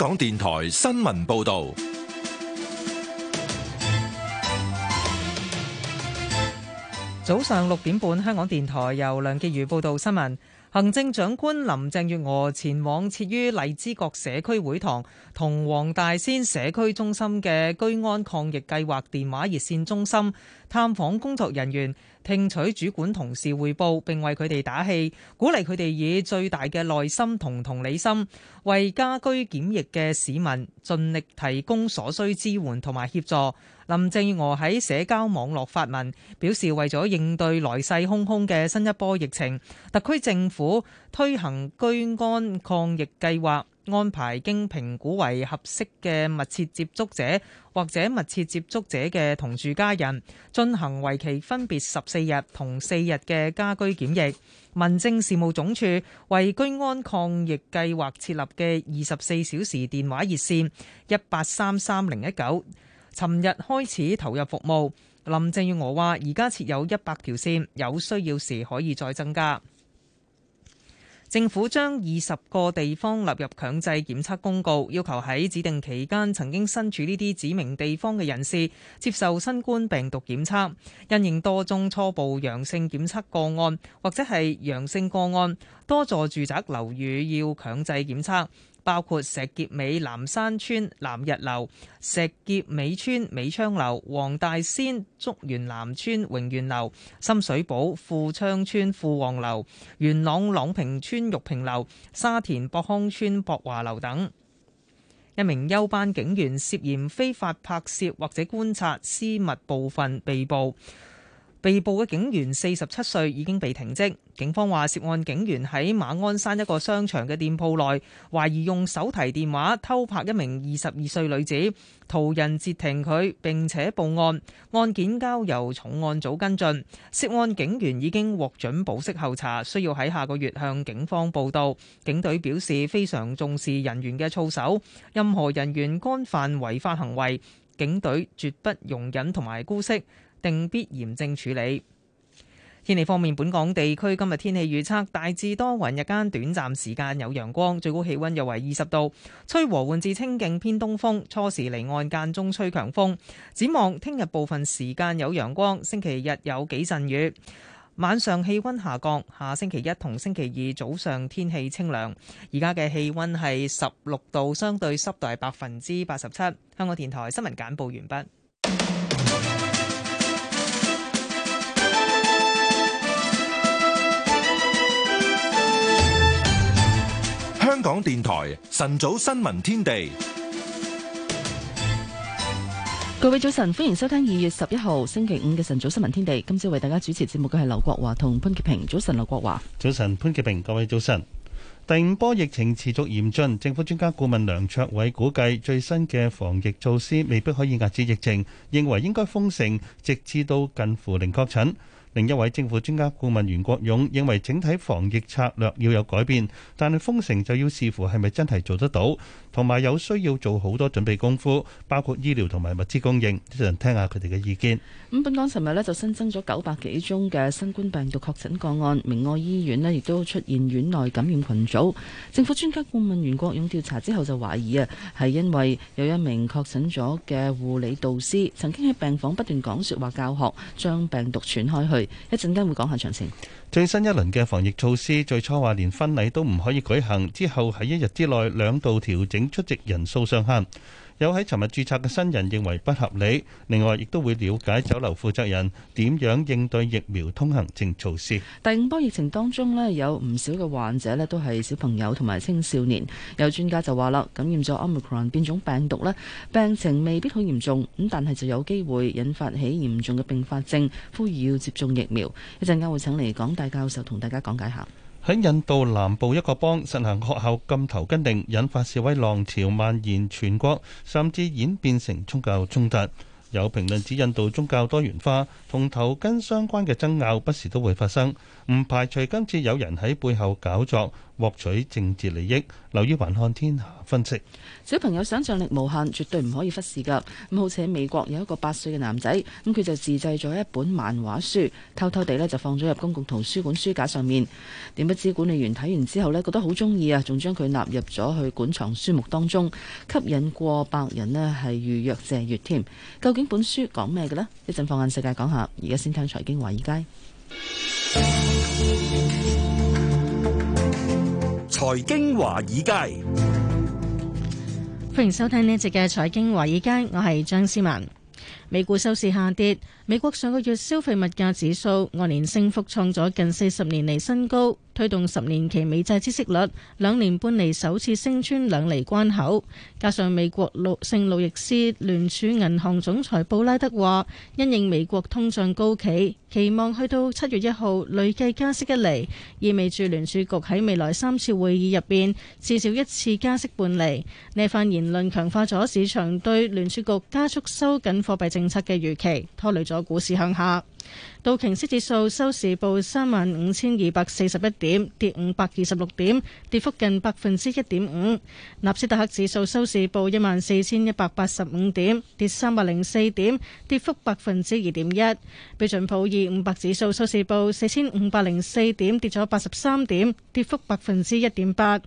香港電台新聞報道，早上六點半，香港電台由梁潔如報道新聞。行政長官林鄭月娥前往設於荔枝角社區會堂、同黃大仙社區中心嘅居安抗疫計劃電話熱線中心探訪工作人員。聽取主管同事匯報，並為佢哋打氣，鼓勵佢哋以最大嘅耐心同同理心，為家居檢疫嘅市民盡力提供所需支援同埋協助。林鄭月娥喺社交網絡發文，表示為咗應對來勢洶洶嘅新一波疫情，特區政府推行居安抗疫計劃。安排經評估為合適嘅密切接觸者或者密切接觸者嘅同住家人，進行為期分別十四日同四日嘅家居檢疫。民政事務總署為居安抗疫計劃設立嘅二十四小時電話熱線一八三三零一九，尋日開始投入服務。林鄭月娥話：而家設有一百條線，有需要時可以再增加。政府將二十個地方納入強制檢測公告，要求喺指定期間曾經身處呢啲指明地方嘅人士接受新冠病毒檢測。因應多宗初步陽性檢測個案，或者係陽性個案，多座住宅樓宇要強制檢測。包括石硤尾南山村南日樓、石硤尾村美昌樓、黃大仙竹園南村榮園樓、深水埗富昌村富旺樓、元朗朗平村玉屏樓、沙田博康村博華樓等。一名休班警員涉嫌非法拍攝或者觀察私密部分，被捕。被捕嘅警員四十七歲，已經被停職。警方話，涉案警員喺馬鞍山一個商場嘅店鋪內，懷疑用手提電話偷拍一名二十二歲女子，途人截停佢，並且報案。案件交由重案組跟進。涉案警員已經獲准保釋候查，需要喺下個月向警方報到。警隊表示非常重視人員嘅操守，任何人員干犯違法行為，警隊絕不容忍同埋姑息，定必嚴正處理。天氣方面，本港地區今日天氣預測大致多雲，日間短暫時間有陽光，最高氣温約為二十度，吹和緩至清勁偏東風，初時離岸間中吹強風。展望聽日部分時間有陽光，星期日有幾陣雨，晚上氣温下降，下星期一同星期二早上天氣清涼。而家嘅氣温係十六度，相對濕度係百分之八十七。香港電台新聞簡報完畢。香港電台晨早新聞天地，各位早晨，歡迎收聽二月十一號星期五嘅晨早新聞天地。今朝為大家主持節目嘅係劉國華同潘潔平。早晨，劉國華。早晨，潘潔平。各位早晨。第五波疫情持續嚴峻，政府專家顧問梁卓偉估計，最新嘅防疫措施未必可以壓制疫情，認為應該封城，直至到近乎零確診。另一位政府專家顧問袁國勇認為，整體防疫策略要有改變，但係封城就要視乎係咪真係做得到。同埋有需要做好多準備功夫，包括醫療同埋物資供應。一陣聽下佢哋嘅意見。咁本港尋日咧就新增咗九百幾宗嘅新冠病毒確診個案，明愛醫院咧亦都出現院內感染群組。政府專家顧問袁國勇調查之後就懷疑啊，係因為有一名確診咗嘅護理導師曾經喺病房不斷講説話教學，將病毒傳開去。一陣間會講下詳情。最新一輪嘅防疫措施，最初話連婚禮都唔可以舉行，之後喺一日之內兩度調整出席人數上限。有喺尋日註冊嘅新人認為不合理，另外亦都會了解酒樓負責人點樣應對疫苗通行證措施。第五波疫情當中呢有唔少嘅患者呢都係小朋友同埋青少年。有專家就話啦，感染咗 Omicron 變種病毒呢，病情未必好嚴重咁，但係就有機會引發起嚴重嘅併發症，呼籲要接種疫苗。一陣間會請嚟港大教授同大家講解下。喺印度南部一個邦實行學校禁頭巾令，引發示威浪潮蔓延全國，甚至演變成宗教衝突。有評論指，印度宗教多元化同頭巾相關嘅爭拗不時都會發生。唔排除今次有人喺背後搞作，獲取政治利益。留意還看天下分析：小朋友想象力無限，絕對唔可以忽視噶。咁，好似喺美國有一個八歲嘅男仔，咁佢就自製咗一本漫畫書，偷偷地咧就放咗入公共圖書館書架上面。點不知管理員睇完之後咧，覺得好中意啊，仲將佢納入咗去館藏書目當中，吸引過百人咧係預約借閱添。究竟本書講咩嘅咧？一陣放眼世界講下，而家先聽財經華爾街。財經華爾街，歡迎收聽呢一節嘅財經華爾街，我係張思文。美股收市下跌。美國上個月消費物價指數按年升幅創咗近四十年嚟新高，推動十年期美債孳息率兩年半嚟首次升穿兩厘關口。加上美國聖路易斯聯儲銀行總裁布拉德話，因應美國通脹高企，期望去到七月一號累計加息一厘，意味住聯儲局喺未來三次會議入邊至少一次加息半厘。呢番言論強化咗市場對聯儲局加速收緊貨幣政策嘅預期，拖累咗。股市向下，道瓊斯指數收市報三萬五千二百四十一點，跌五百二十六點，跌幅近百分之一點五。納斯達克指數收市報一萬四千一百八十五點，跌三百零四點，跌幅百分之二點一。標準普爾五百指數收市報四千五百零四點，跌咗八十三點，跌幅百分之一點八。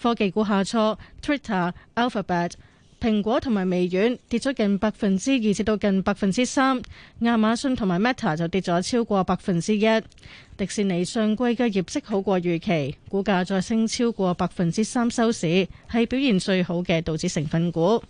科技股下挫，Twitter、Alphabet。蘋果同埋微軟跌咗近百分之二，至到近百分之三。亞馬遜同埋 Meta 就跌咗超過百分之一。迪士尼上季嘅業績好過預期，股價再升超過百分之三收市，係表現最好嘅道指成分股。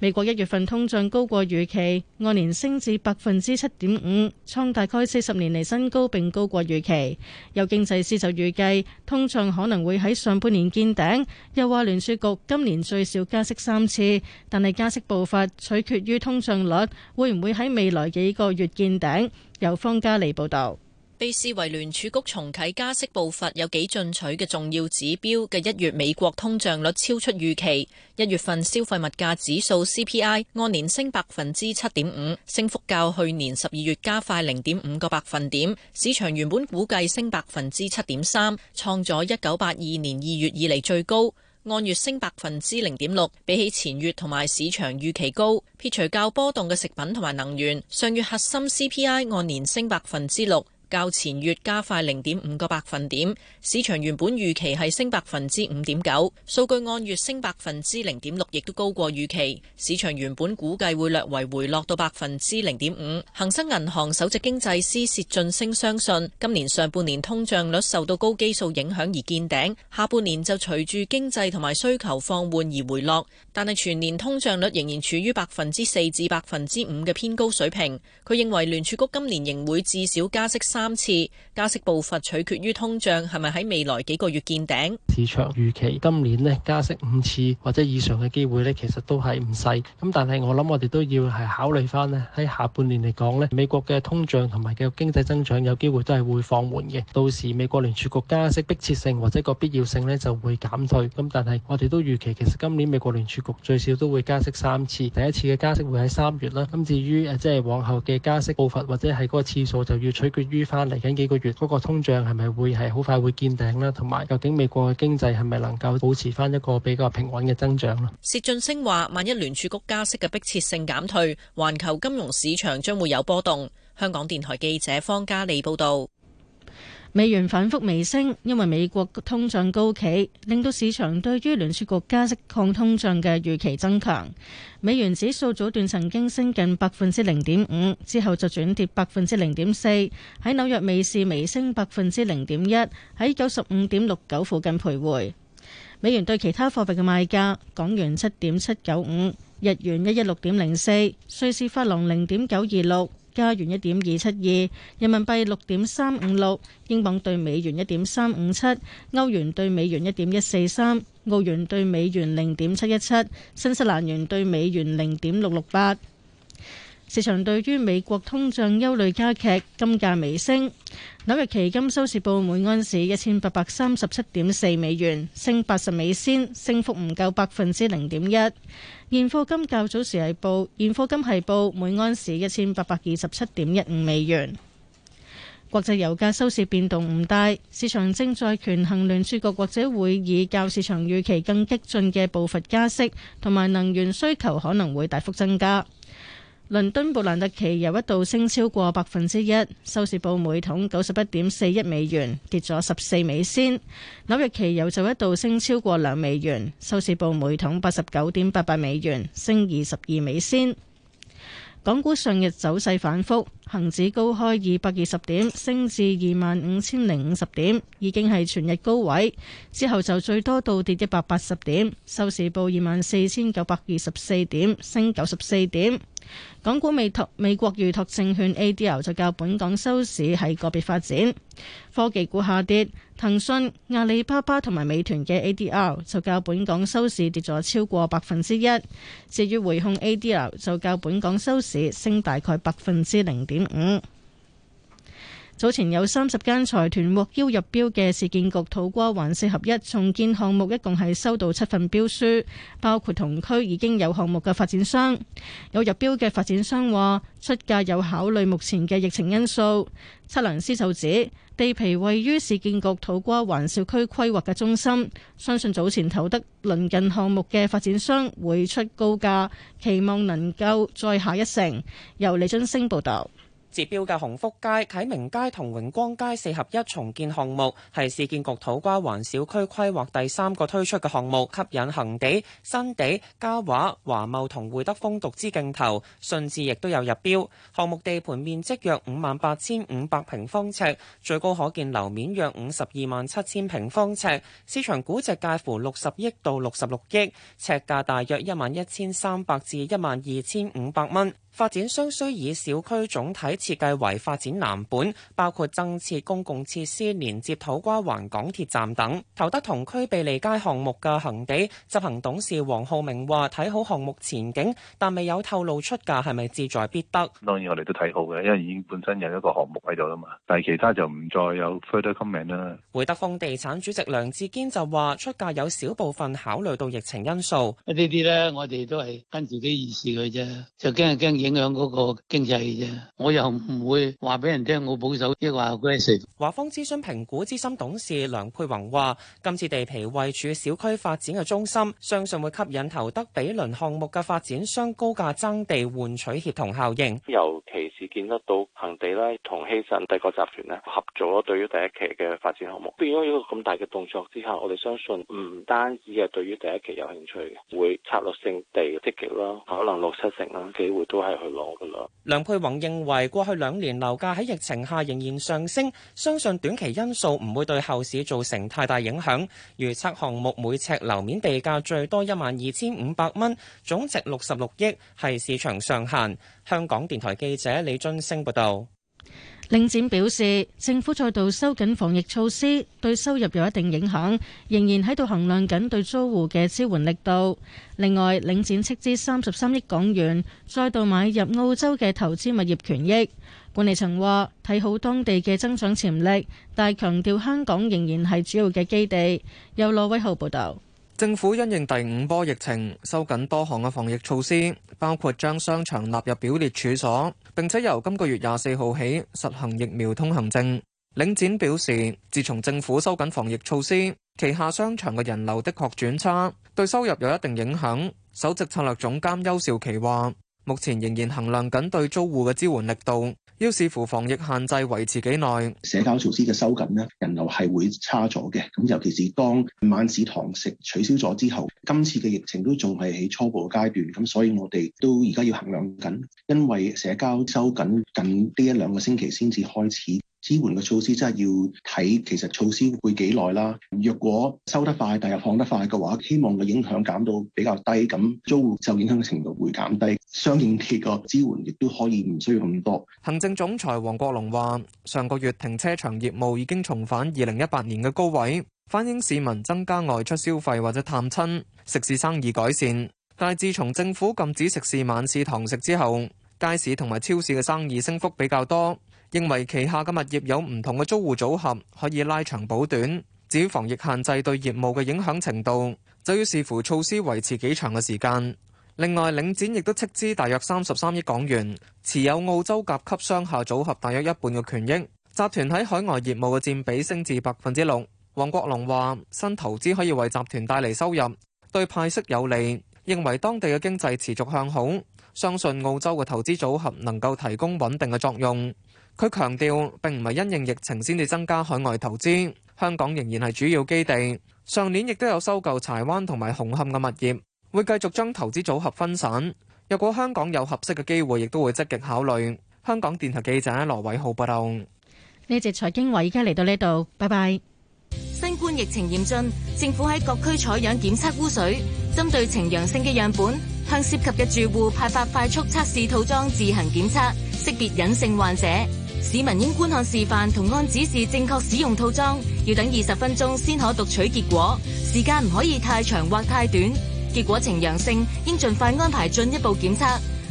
美國一月份通脹高過預期，按年升至百分之七點五，創大概四十年嚟新高，並高過預期。有經濟師就預計通脹可能會喺上半年見頂，又話聯儲局今年最少加息三次，但係加息步伐取決於通脹率會唔會喺未來幾個月見頂。由方家利報導。被視為聯儲局重啟加息步伐有幾進取嘅重要指標嘅一月美國通脹率超出預期。一月份消費物價指數 CPI 按年升百分之七點五，升幅較去年十二月加快零點五個百分點。市場原本估計升百分之七點三，創咗一九八二年二月以嚟最高。按月升百分之零點六，比起前月同埋市場預期高。撇除較波動嘅食品同埋能源，上月核心 CPI 按年升百分之六。較前月加快零點五個百分點，市場原本預期係升百分之五點九，數據按月升百分之零點六，亦都高過預期。市場原本估計會略為回落到百分之零點五。恒生銀行首席經濟師薛俊升相信，今年上半年通脹率受到高基數影響而見頂，下半年就隨住經濟同埋需求放緩而回落，但係全年通脹率仍然處於百分之四至百分之五嘅偏高水平。佢認為聯儲局今年仍會至少加息三。三次加息步伐取決於通脹，係咪喺未來幾個月見頂？市場預期今年加息五次或者以上嘅機會其實都係唔細。但是我諗我哋都要考慮返喺下半年嚟講，美國嘅通脹同埋經濟增長有機會都係會放緩嘅。到時美國聯儲局加息逼切性或者個必要性就會減退。但是我哋都預期其實今年美國聯儲局最少都會加息三次，第一次嘅加息會喺三月啦，至於即係往後嘅加息步伐或者係嗰個次數就要取決於嚟緊幾個月嗰個通脹係咪會係好快會見頂啦？同埋究竟美國嘅經濟係咪能夠保持翻一個比較平穩嘅增長咧？薛俊星話：萬一聯儲局加息嘅迫切性減退，環球金融市場將會有波動。香港電台記者方嘉利報導。美元反覆微升，因為美國通脹高企，令到市場對於聯儲局加息抗通脹嘅預期增強，美元指數早段曾經升近百分之零點五，之後就轉跌百分之零點四。喺紐約尾市微升百分之零點一，喺九十五點六九附近徘徊。美元對其他貨幣嘅賣價港元七點七九五，日元一一六點零四，瑞士法郎零點九二六。加元一點二七二，人民幣六點三五六，英鎊兌美元一點三五七，歐元兌美元一點一四三，澳元兌美元零點七一七，新西蘭元兌美元零點六六八。市場對於美國通脹憂慮加劇，金價微升。紐約期金收市報每安士一千八百三十七點四美元，升八十美仙，升幅唔夠百分之零點一。現貨金較早時係報，現貨金係報每安士一千八百二十七點一五美元。國際油價收市變動唔大，市場正在權衡聯儲局或者會以較市場預期更激進嘅步伐加息，同埋能源需求可能會大幅增加。倫敦布蘭特期油一度升超過百分之一，收市報每桶九十一點四一美元，跌咗十四美仙。紐約期油就一度升超過兩美元，收市報每桶八十九點八八美元，升二十二美仙。港股上日走勢反覆，恒指高開二百二十點，升至二萬五千零五十點，已經係全日高位。之後就最多倒跌一百八十點，收市報二萬四千九百二十四點，升九十四點。港股未托，美國預託證券 A D L 就較本港收市係個別發展。科技股下跌，騰訊、阿里巴巴同埋美團嘅 A D L 就較本港收市跌咗超過百分之一。至於匯控 A D L 就較本港收市升大概百分之零點五。早前有三十間財團獲邀入標嘅市建局土瓜灣四合一重建項目，一共係收到七份標書，包括同區已經有項目嘅發展商。有入標嘅發展商話，出價有考慮目前嘅疫情因素。測量師就指，地皮位於市建局土瓜灣小區規劃嘅中心，相信早前投得鄰近項目嘅發展商會出高價，期望能夠再下一城。由李津升報道。截標嘅鴻福街、啟明街同榮光街四合一重建項目係市建局土瓜灣小區規劃第三個推出嘅項目，吸引恒地、新地、嘉華、華懋同會德豐獨資競投，順治亦都有入標。項目地盤面積約五萬八千五百平方尺，最高可建樓面約五十二萬七千平方尺，市場估值介乎六十億到六十六億，尺價大約一萬一千三百至一萬二千五百蚊。發展商需以小區總體設計為發展藍本，包括增設公共設施、連接土瓜灣港鐵站等。投得同區庇利街項目嘅恒地執行董事黃浩明話：睇好項目前景，但未有透露出價係咪志在必得。當然我哋都睇好嘅，因為已經本身有一個項目喺度啦嘛。但係其他就唔再有 further comment 啦。會德豐地產主席梁志堅就話：出價有少部分考慮到疫情因素。呢啲啲我哋都係跟住啲意思嘅啫，就驚就影響嗰個經濟啫，我又唔會話俾人聽我保守，即係話嗰啲事。華方諮詢評估資深董事梁佩宏話，今次地皮位處小區發展嘅中心，相信會吸引投得比鄰項目嘅發展商高價爭地，換取協同效應。尤其是見得到恒地咧同希慎帝國集團咧合作咗，對於第一期嘅發展項目，變咗一個咁大嘅動作之下，我哋相信唔單止係對於第一期有興趣，會策略性地積極啦，可能六七成啦機會都係。梁佩宏認為，過去兩年樓價喺疫情下仍然上升，相信短期因素唔會對後市造成太大影響。預測項目每尺樓面地價最多一萬二千五百蚊，總值六十六億，係市場上限。香港電台記者李俊升報道。領展表示，政府再度收緊防疫措施，對收入有一定影響，仍然喺度衡量緊對租戶嘅支援力度。另外，領展斥資三十三億港元，再度買入澳洲嘅投資物業權益。管理層話睇好當地嘅增長潛力，但係強調香港仍然係主要嘅基地。由羅威浩報道。政府因應第五波疫情，收緊多項嘅防疫措施，包括將商場納入表列處所，並且由今個月廿四號起實行疫苗通行證。領展表示，自從政府收緊防疫措施，旗下商場嘅人流的確轉差，對收入有一定影響。首席策略總監邱兆琪話，目前仍然衡量緊對租戶嘅支援力度。要視乎防疫限制維持幾耐，社交措施嘅收緊咧，人流係會差咗嘅。咁尤其是當晚市堂食取消咗之後，今次嘅疫情都仲係喺初步階段。咁所以我哋都而家要衡量緊，因為社交收緊近呢一兩個星期先至開始。支援嘅措施真係要睇，其實措施會幾耐啦。若果收得快，但又放得快嘅話，希望個影響減到比較低，咁租戶受影響嘅程度會減低，相應鐵個支援亦都可以唔需要咁多。行政總裁王國龍話，上個月停車場業務已經重返二零一八年嘅高位，反映市民增加外出消費或者探親，食肆生意改善。但係自從政府禁止食肆、晚市堂食之後，街市同埋超市嘅生意升幅比較多。認為旗下嘅物業有唔同嘅租戶組合，可以拉長補短。至於防疫限制對業務嘅影響程度，就要視乎措施維持幾長嘅時間。另外，領展亦都斥資大約三十三億港元持有澳洲甲級商廈組合大約一半嘅權益。集團喺海外業務嘅佔比升至百分之六。王國龍話：新投資可以為集團帶嚟收入，對派息有利。認為當地嘅經濟持續向好，相信澳洲嘅投資組合能夠提供穩定嘅作用。佢強調並唔係因應疫情先至增加海外投資，香港仍然係主要基地。上年亦都有收購柴灣同埋紅磡嘅物業，會繼續將投資組合分散。若果香港有合適嘅機會，亦都會積極考慮。香港電台記者羅偉浩報道。呢節財經話，而家嚟到呢度，拜拜。新冠疫情嚴峻，政府喺各區採樣檢測污水，針對呈陽性嘅樣本，向涉及嘅住戶派發快速測試套裝，裝自行檢測，識別隱性患者。市民應觀看示範同按指示正確使用套裝，要等二十分鐘先可讀取結果。時間唔可以太長或太短。結果呈陽性，應盡快安排進一步檢測。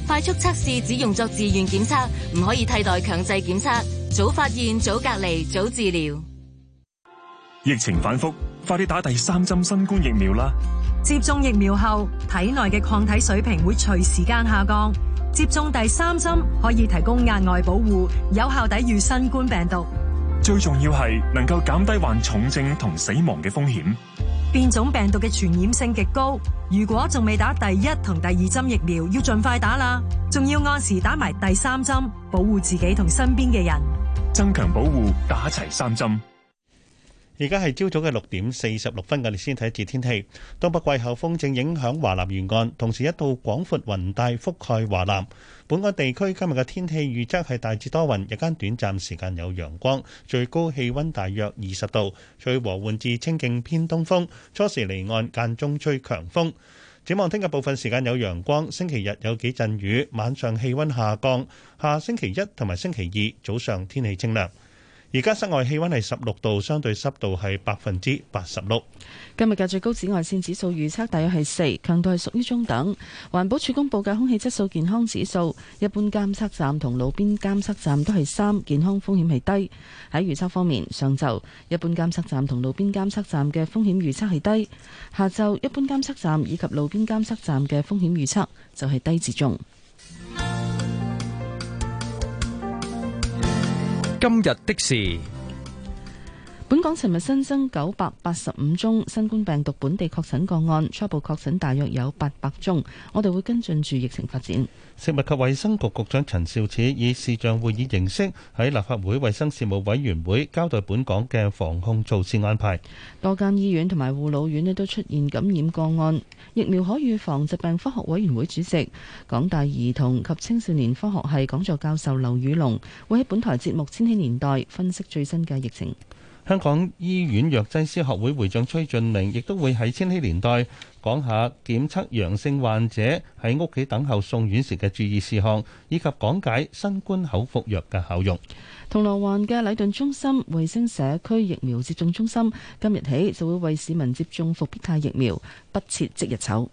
快速測試只用作自願檢測，唔可以替代強制檢測。早發現，早隔離，早治療。疫情反覆，快啲打第三針新冠疫苗啦！接種疫苗後，體內嘅抗體水平會隨時間下降。接種第三針可以提供額外保護，有效抵御新冠病毒。最重要係能夠減低患重症同死亡嘅風險。變種病毒嘅傳染性極高，如果仲未打第一同第二針疫苗，要盡快打啦。仲要按時打埋第三針，保護自己同身邊嘅人，增強保護，打齊三針。而家係朝早嘅六點四十六分，我哋先睇一節天氣。東北季候風正影響華南沿岸，同時一道廣闊雲帶覆蓋華南。本港地區今日嘅天氣預測係大致多雲，日間短暫時間有陽光，最高氣溫大約二十度，隨和緩至清勁偏東風，初時離岸間中吹強風。展望聽日部分時間有陽光，星期日有幾陣雨，晚上氣溫下降。下星期一同埋星期二早上天氣清涼。而家室外氣溫係十六度，相對濕度係百分之八十六。今日嘅最高紫外線指數預測大約係四，強度係屬於中等。環保署公布嘅空氣質素健康指數，一般監測站同路邊監測站都係三，健康風險係低。喺預測方面，上晝一般監測站同路邊監測站嘅風險預測係低，下晝一般監測站以及路邊監測站嘅風險預測就係低至中。今日的事。本港尋日新增九百八十五宗新冠病毒本地確診個案，初步確診大約有八百宗。我哋會跟進住疫情發展。食物及衛生局局長陳肇始以視像會議形式喺立法會衛生事務委員會交代本港嘅防控措施安排。多間醫院同埋護老院咧都出現感染個案。疫苗可預防疾病科學委員會主席、港大兒童及青少年科學系講座教授劉宇龍會喺本台節目《千禧年代》分析最新嘅疫情。香港醫院藥劑師學會會長崔俊明亦都會喺千禧年代講下檢測陽性患者喺屋企等候送院時嘅注意事項，以及講解新冠口服藥嘅效用。銅鑼灣嘅禮頓中心衛生社區疫苗接種中心今日起就會為市民接種復必泰疫苗，不設即日籌。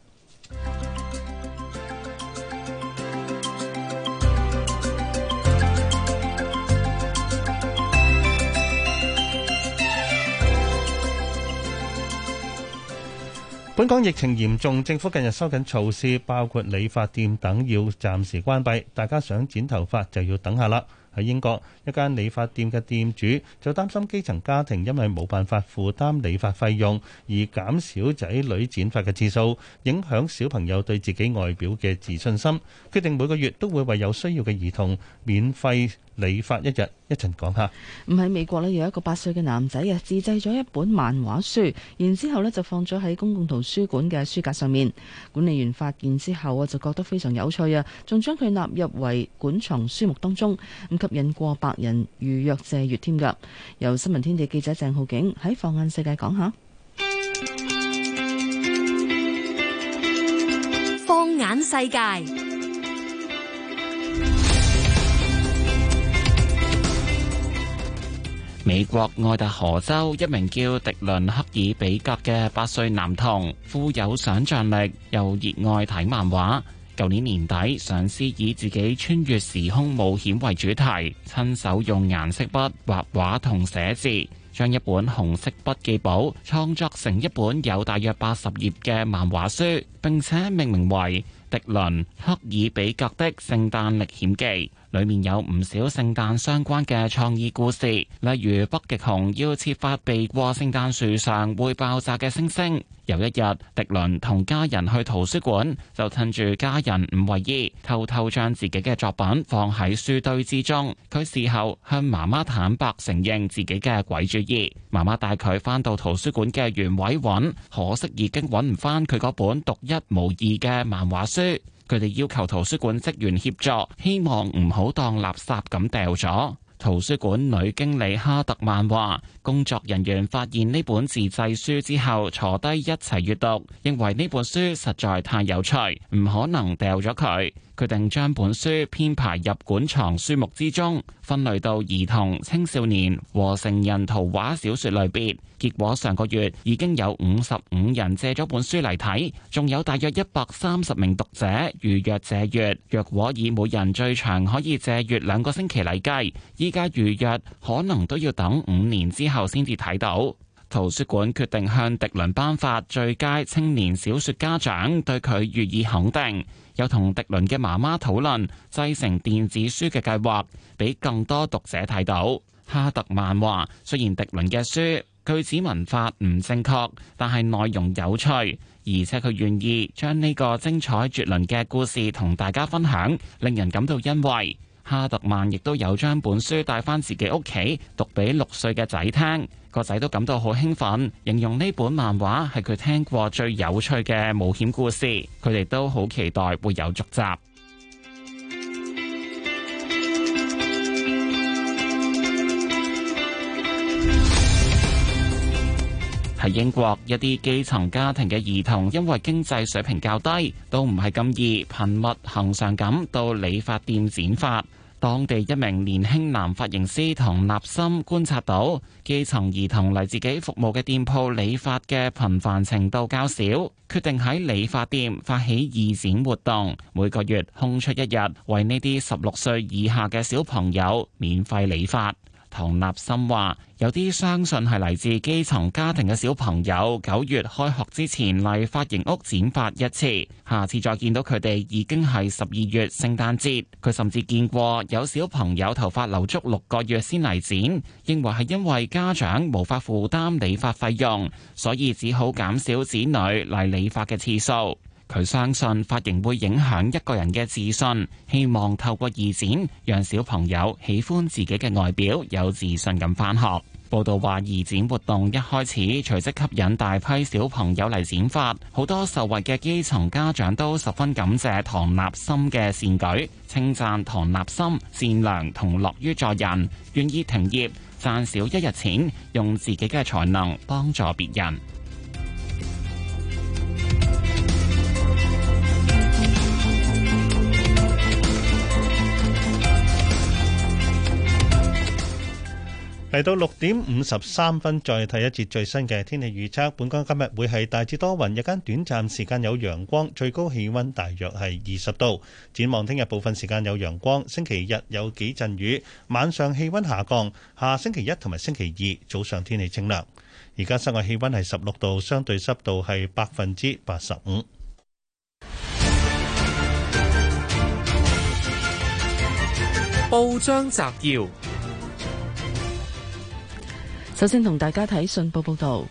本港疫情嚴重，政府近日收緊措施，包括理髮店等要暫時關閉。大家想剪頭髮就要等下啦。喺英國，一間理髮店嘅店主就擔心基層家庭因為冇辦法負擔理髮費用，而減少仔女剪髮嘅次數，影響小朋友對自己外表嘅自信心，決定每個月都會為有需要嘅兒童免費。理髮一日一陣講下。喺美國咧，有一個八歲嘅男仔啊，自製咗一本漫畫書，然之後咧就放咗喺公共圖書館嘅書架上面。管理員發現之後啊，就覺得非常有趣啊，仲將佢納入為館藏書目當中，咁吸引過百人預約借閱添㗎。由新聞天地記者鄭浩景喺放眼世界講下。放眼世界。美國愛達荷州一名叫迪倫·克爾比格嘅八歲男童，富有想象力又熱愛睇漫畫。舊年年底，嘗試以自己穿越時空冒險為主題，親手用顏色筆畫畫同寫字，將一本紅色筆記簿創作成一本有大約八十頁嘅漫畫書，並且命名為《迪倫·克爾比格的聖誕歷險記》。裏面有唔少聖誕相關嘅創意故事，例如北極熊要設法避過聖誕樹上會爆炸嘅星星。有一日，迪倫同家人去圖書館，就趁住家人唔為意，偷偷將自己嘅作品放喺書堆之中。佢事後向媽媽坦白承認自己嘅鬼主意。媽媽帶佢翻到圖書館嘅原位揾，可惜已經揾唔翻佢嗰本獨一無二嘅漫畫書。佢哋要求圖書館職員協助，希望唔好當垃圾咁掉咗。圖書館女經理哈特曼話，工作人員發現呢本自製書之後，坐低一齊閱讀，認為呢本書實在太有趣，唔可能掉咗佢。決定將本書編排入館藏書目之中，分類到兒童、青少年和成人圖畫小說類別。結果上個月已經有五十五人借咗本書嚟睇，仲有大約一百三十名讀者預約借閱。若果以每人最長可以借閱兩個星期嚟計，依家預約可能都要等五年之後先至睇到。圖書館決定向迪倫頒發最佳青年小說家獎，對佢予以肯定。有同迪倫嘅媽媽討論製成電子書嘅計劃，俾更多讀者睇到。哈特曼話：雖然迪倫嘅書句子文法唔正確，但係內容有趣，而且佢願意將呢個精彩絕倫嘅故事同大家分享，令人感到欣慰。哈特曼亦都有將本書帶返自己屋企，讀俾六歲嘅仔聽。個仔都感到好興奮，形容呢本漫畫係佢聽過最有趣嘅冒險故事。佢哋都好期待會有續集。喺 英國，一啲基層家庭嘅兒童因為經濟水平較低，都唔係咁易，頻密行上咁到理髮店剪發。當地一名年輕男髮型師唐立森觀察到，基層兒童嚟自己服務嘅店鋪理髮嘅頻繁程度較少，決定喺理髮店發起義剪活動，每個月空出一日，為呢啲十六歲以下嘅小朋友免費理髮。唐立心話：有啲相信係嚟自基層家庭嘅小朋友，九月開學之前嚟髮型屋剪髮一次，下次再見到佢哋已經係十二月聖誕節。佢甚至見過有小朋友頭髮留足六個月先嚟剪，認為係因為家長無法負擔理髮費用，所以只好減少子女嚟理髮嘅次數。佢相信髮型會影響一個人嘅自信，希望透過義剪讓小朋友喜歡自己嘅外表，有自信咁返學。報道話，義剪活動一開始，隨即吸引大批小朋友嚟剪髮，好多受惠嘅基層家長都十分感謝唐立心嘅善舉，稱讚唐立心善良同樂於助人，願意停業賺少一日錢，用自己嘅才能幫助別人。嚟到六點五十三分，再睇一節最新嘅天氣預測。本港今日會係大致多雲，日間短暫時間有陽光，最高氣溫大約係二十度。展望聽日部分時間有陽光，星期日有幾陣雨，晚上氣溫下降。下星期一同埋星期二早上天氣清涼。而家室外氣溫係十六度，相對濕度係百分之八十五。報章摘要。首先同大家睇信報報道。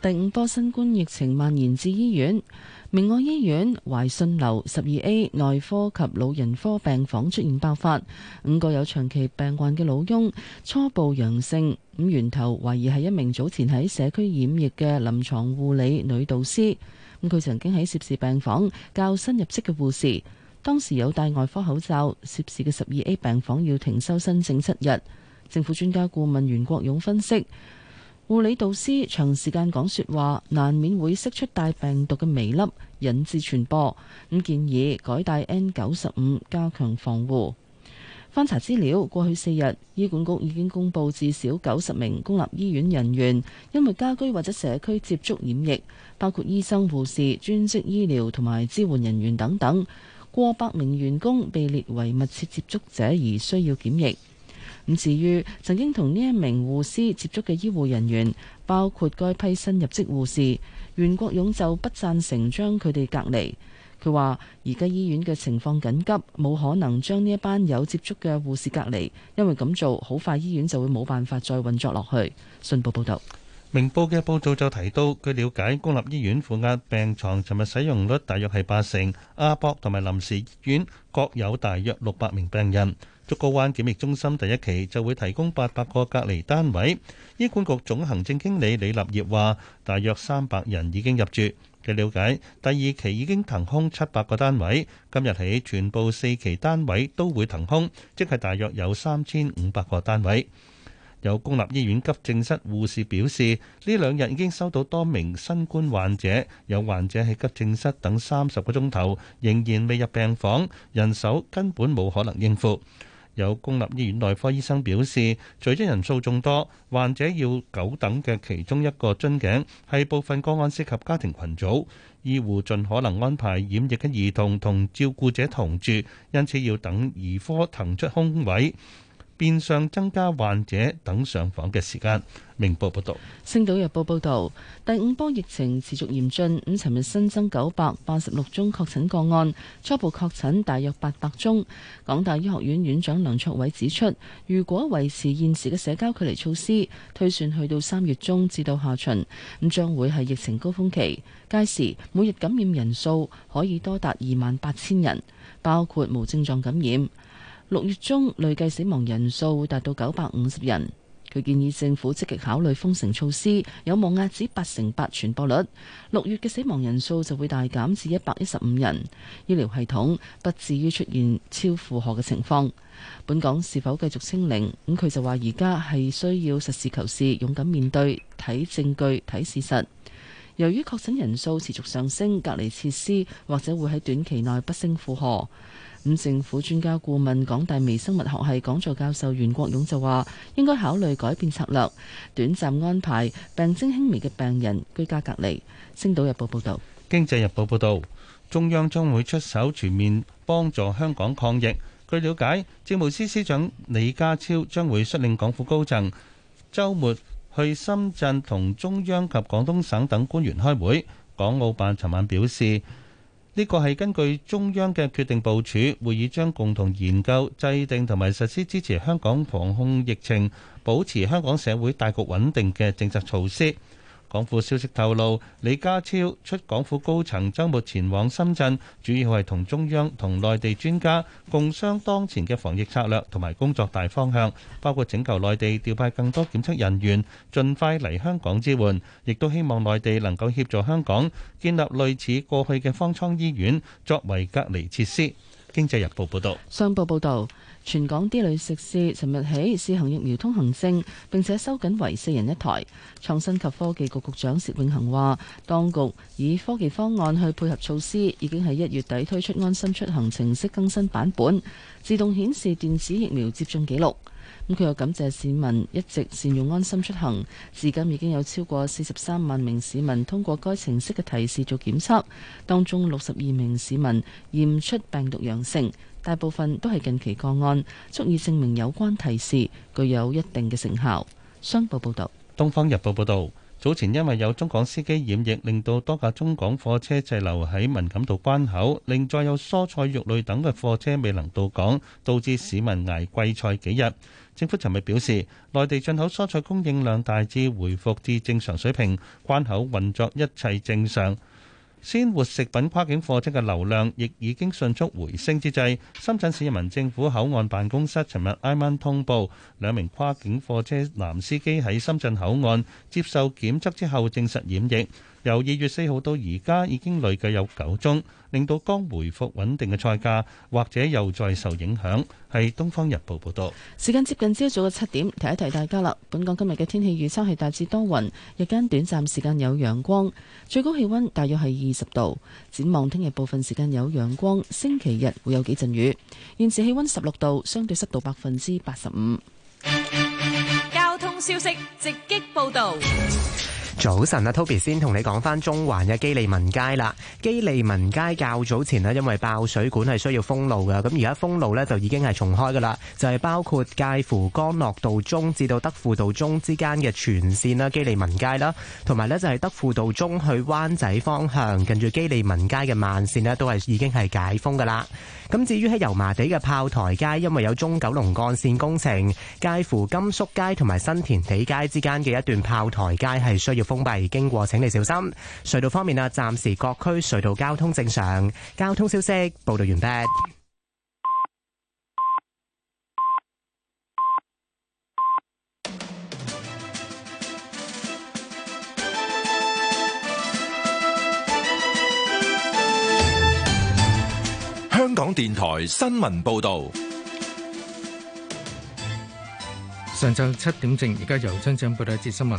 第五波新冠疫情蔓延至醫院，明愛醫院懷信樓十二 A 內科及老人科病房出現爆發，五個有長期病患嘅老翁初步陽性，咁源頭懷疑係一名早前喺社區染疫嘅臨床護理女導師，咁佢曾經喺涉事病房教新入職嘅護士，當時有戴外科口罩，涉事嘅十二 A 病房要停收新症七日。政府專家顧問袁國勇分析，護理導師長時間講說話，難免會釋出帶病毒嘅微粒，引致傳播。咁建議改戴 N 九十五，加強防護。翻查資料，過去四日，醫管局已經公布至少九十名公立醫院人員因為家居或者社區接觸染疫，包括醫生、護士、專職醫療同埋支援人員等等，過百名員工被列為密切接觸者而需要檢疫。咁至於曾經同呢一名護師接觸嘅醫護人員，包括該批新入職護士，袁國勇就不贊成將佢哋隔離。佢話：而家醫院嘅情況緊急，冇可能將呢一班有接觸嘅護士隔離，因為咁做好快醫院就會冇辦法再運作落去。信報報道：「明報嘅報道就提到，據了解，公立醫院負壓病床尋日使用率大約係八成，亞博同埋臨時醫院各有大約六百名病人。竹篙灣檢疫中心第一期就會提供八百個隔離單位。醫管局總行政經理李立業話，大約三百人已經入住。據了解，第二期已經騰空七百個單位，今日起全部四期單位都會騰空，即係大約有三千五百個單位。有公立醫院急症室護士表示，呢兩日已經收到多名新冠患者，有患者喺急症室等三十個鐘頭，仍然未入病房，人手根本冇可能應付。有公立醫院內科醫生表示，除咗人數眾多、患者要久等嘅其中一個樽頸係部分個案涉及家庭群組。醫護盡可能安排染疫嘅兒童同照顧者同住，因此要等兒科騰出空位。變相增加患者等上訪嘅時間。明報報道，《星島日報》報道，第五波疫情持續嚴峻。咁尋日新增九百八十六宗確診個案，初步確診大約八百宗。港大醫學院院長梁卓偉指出，如果維持現時嘅社交距離措施，推算去到三月中至到下旬，咁將會係疫情高峰期，屆時每日感染人數可以多達二萬八千人，包括無症狀感染。六月中累計死亡人數會達到九百五十人。佢建議政府積極考慮封城措施，有望遏止八成八傳播率。六月嘅死亡人數就會大減至一百一十五人，醫療系統不至於出現超負荷嘅情況。本港是否繼續清零？咁佢就話而家係需要實事求是、勇敢面對，睇證據、睇事實。由於確診人數持續上升，隔離設施或者會喺短期內不升負荷。五政府專家顧問、港大微生物學系講座教授袁國勇就話：應該考慮改變策略，短暫安排病徵輕微嘅病人居家隔離。星島日報報導，經濟日報報導，中央將會出手全面幫助香港抗疫。據瞭解，政務司司長李家超將會率領港府高層週末去深圳同中央及廣東省等官員開會。港澳辦尋晚表示。呢個係根據中央嘅決定部署，會議將共同研究、制定同埋實施支持香港防控疫情、保持香港社會大局穩定嘅政策措施。港府消息透露，李家超出港府高層周末前往深圳，主要係同中央同內地專家共商當前嘅防疫策略同埋工作大方向，包括請求內地調派更多檢測人員，盡快嚟香港支援，亦都希望內地能夠協助香港建立類似過去嘅方艙醫院作為隔離設施。《經濟日報》報道。商報報道。全港啲類食肆，尋日起試行疫苗通行證，並且收緊為四人一台。創新及科技局局長薛永恒話，當局以科技方案去配合措施，已經喺一月底推出安心出行程式更新版本，自動顯示電子疫苗接種記錄。咁佢又感謝市民一直善用安心出行，至今已經有超過四十三萬名市民通過該程式嘅提示做檢測，當中六十二名市民驗出病毒陽性，大部分都係近期個案，足以證明有關提示具有一定嘅成效。商報報導，《東方日報》報導，早前因為有中港司機染疫，令到多架中港貨車滯留喺敏感度關口，令載有蔬菜、肉類等嘅貨車未能到港，導致市民挨貴菜幾日。政府尋日表示，內地進口蔬菜供應量大致回復至正常水平，關口運作一切正常。鮮活食品跨境貨車嘅流量亦已經迅速回升之際，深圳市人民政府口岸辦公室尋日挨晚通報，兩名跨境貨車男司機喺深圳口岸接受檢測之後，證實染疫。由二月四號到而家已經累計有九宗，令到剛回復穩定嘅菜價，或者又再受影響。係《東方日報》報道。時間接近朝早嘅七點，提一提大家啦。本港今日嘅天氣預測係大致多雲，日間短暫時間有陽光，最高氣溫大約係二十度。展望聽日部分時間有陽光，星期日會有幾陣雨。現時氣溫十六度，相對濕度百分之八十五。交通消息直擊報道。早晨啊，Toby 先同你講翻中環嘅機利文街啦。機利文街較早前咧，因為爆水管係需要封路噶咁而家封路咧，就已經係重開噶啦。就係、是、包括介乎干諾道中至到德輔道中之間嘅全線啦、機利文街啦，同埋咧就係德輔道中去灣仔方向，近住機利文街嘅慢線呢，都係已經係解封噶啦。咁至於喺油麻地嘅炮台街，因為有中九龍幹線工程，介乎甘肅街同埋新填地街之間嘅一段炮台街係需要封閉，經過請你小心。隧道方面啊，暫時各區隧道交通正常。交通消息報導完畢。香港電台新聞報道，上晝七點正，而家由張政報道一節新聞。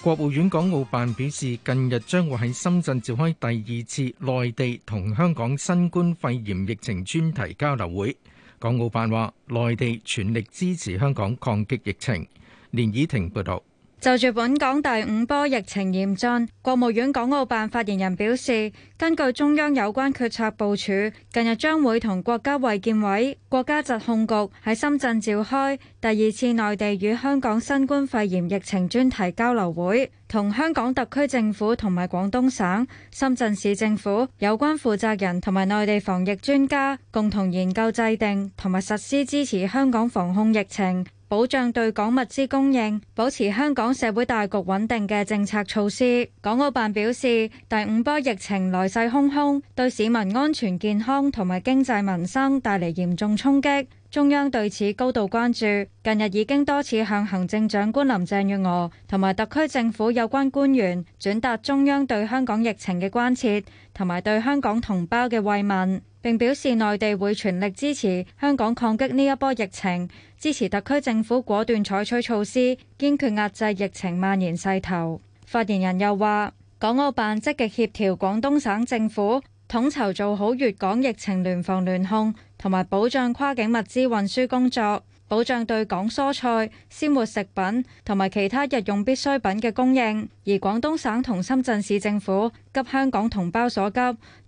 國務院港澳辦表示，近日將會喺深圳召開第二次內地同香港新冠肺炎疫情專題交流會。港澳辦話，內地全力支持香港抗擊疫情。連綺婷報道。就住本港第五波疫情嚴峻，國務院港澳辦發言人表示，根據中央有關決策部署，近日將會同國家衛健委、國家疾控局喺深圳召開第二次內地與香港新冠肺炎疫情專題交流會，同香港特區政府同埋廣東省、深圳市政府有關負責人同埋內地防疫專家共同研究制定同埋實施支持香港防控疫情，保障對港物資供應，保持香港社會大局穩定嘅政策措施。港澳辦表示，第五波疫情來勢洶洶，對市民安全健康同埋經濟民生帶嚟嚴重衝擊，中央對此高度關注。近日已經多次向行政長官林鄭月娥同埋特區政府有關官員轉達中央對香港疫情嘅關切同埋對香港同胞嘅慰問。並表示內地會全力支持香港抗擊呢一波疫情，支持特區政府果斷採取措施，堅決壓制疫情蔓延勢頭。發言人又話，港澳辦積極協調廣東省政府，統籌做好粵港疫情聯防聯控，同埋保障跨境物資運輸工作。保障對港蔬菜、鮮活食品同埋其他日用必需品嘅供應，而廣東省同深圳市政府急香港同胞所急，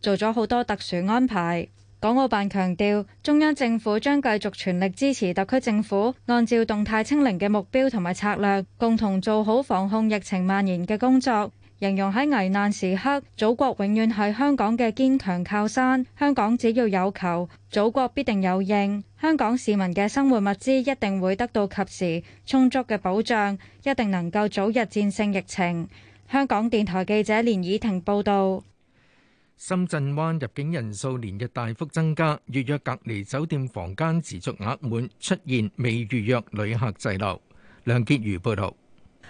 做咗好多特殊安排。港澳辦強調，中央政府將繼續全力支持特區政府按照動態清零嘅目標同埋策略，共同做好防控疫情蔓延嘅工作。形容喺危難時刻，祖國永遠係香港嘅堅強靠山。香港只要有求，祖國必定有應。香港市民嘅生活物資一定會得到及時、充足嘅保障，一定能夠早日戰勝疫情。香港電台記者連以婷報道：深圳灣入境人數連日大幅增加，預約隔離酒店房間持續額滿，出現未預約旅客滯留。梁潔如報道。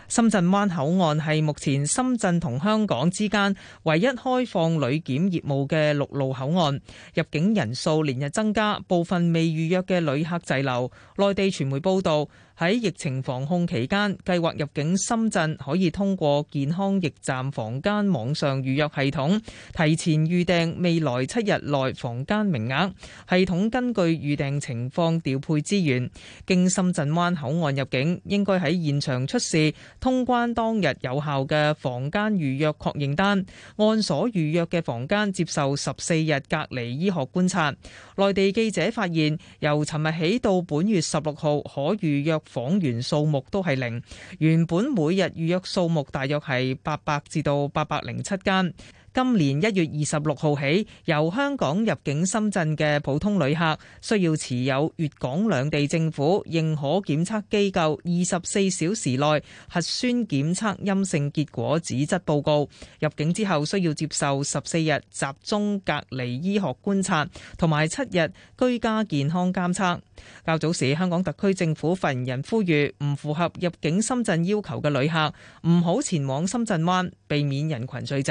深圳灣口岸係目前深圳同香港之間唯一開放旅檢業務嘅陸路口岸，入境人數連日增加，部分未預約嘅旅客滯留。內地傳媒報道。喺疫情防控期間計劃入境深圳，可以通過健康驛站房間網上預約系統，提前預訂未來七日內房間名額，系統根據預訂情況調配資源。經深圳灣口岸入境，應該喺現場出示通關當日有效嘅房間預約確認單，按所預約嘅房間接受十四日隔離醫學觀察。內地記者發現由尋日起到本月十六號可預約。房源數目都係零，原本每日預約數目大約係八百至到八百零七間。今年一月二十六號起，由香港入境深圳嘅普通旅客需要持有粵港兩地政府認可檢測機構二十四小時內核酸檢測陰性結果紙質報告。入境之後需要接受十四日集中隔離醫學觀察，同埋七日居家健康監測。較早時，香港特區政府發言人呼籲唔符合入境深圳要求嘅旅客唔好前往深圳灣，避免人群聚集。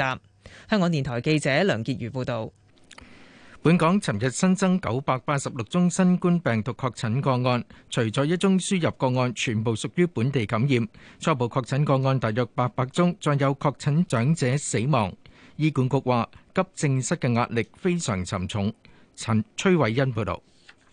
香港電台記者梁潔如報道，本港尋日新增九百八十六宗新冠病毒確診個案，除咗一宗輸入個案，全部屬於本地感染。初步確診個案大約八百宗，再有確診長者死亡。醫管局話，急症室嘅壓力非常沉重。陳崔偉恩報道。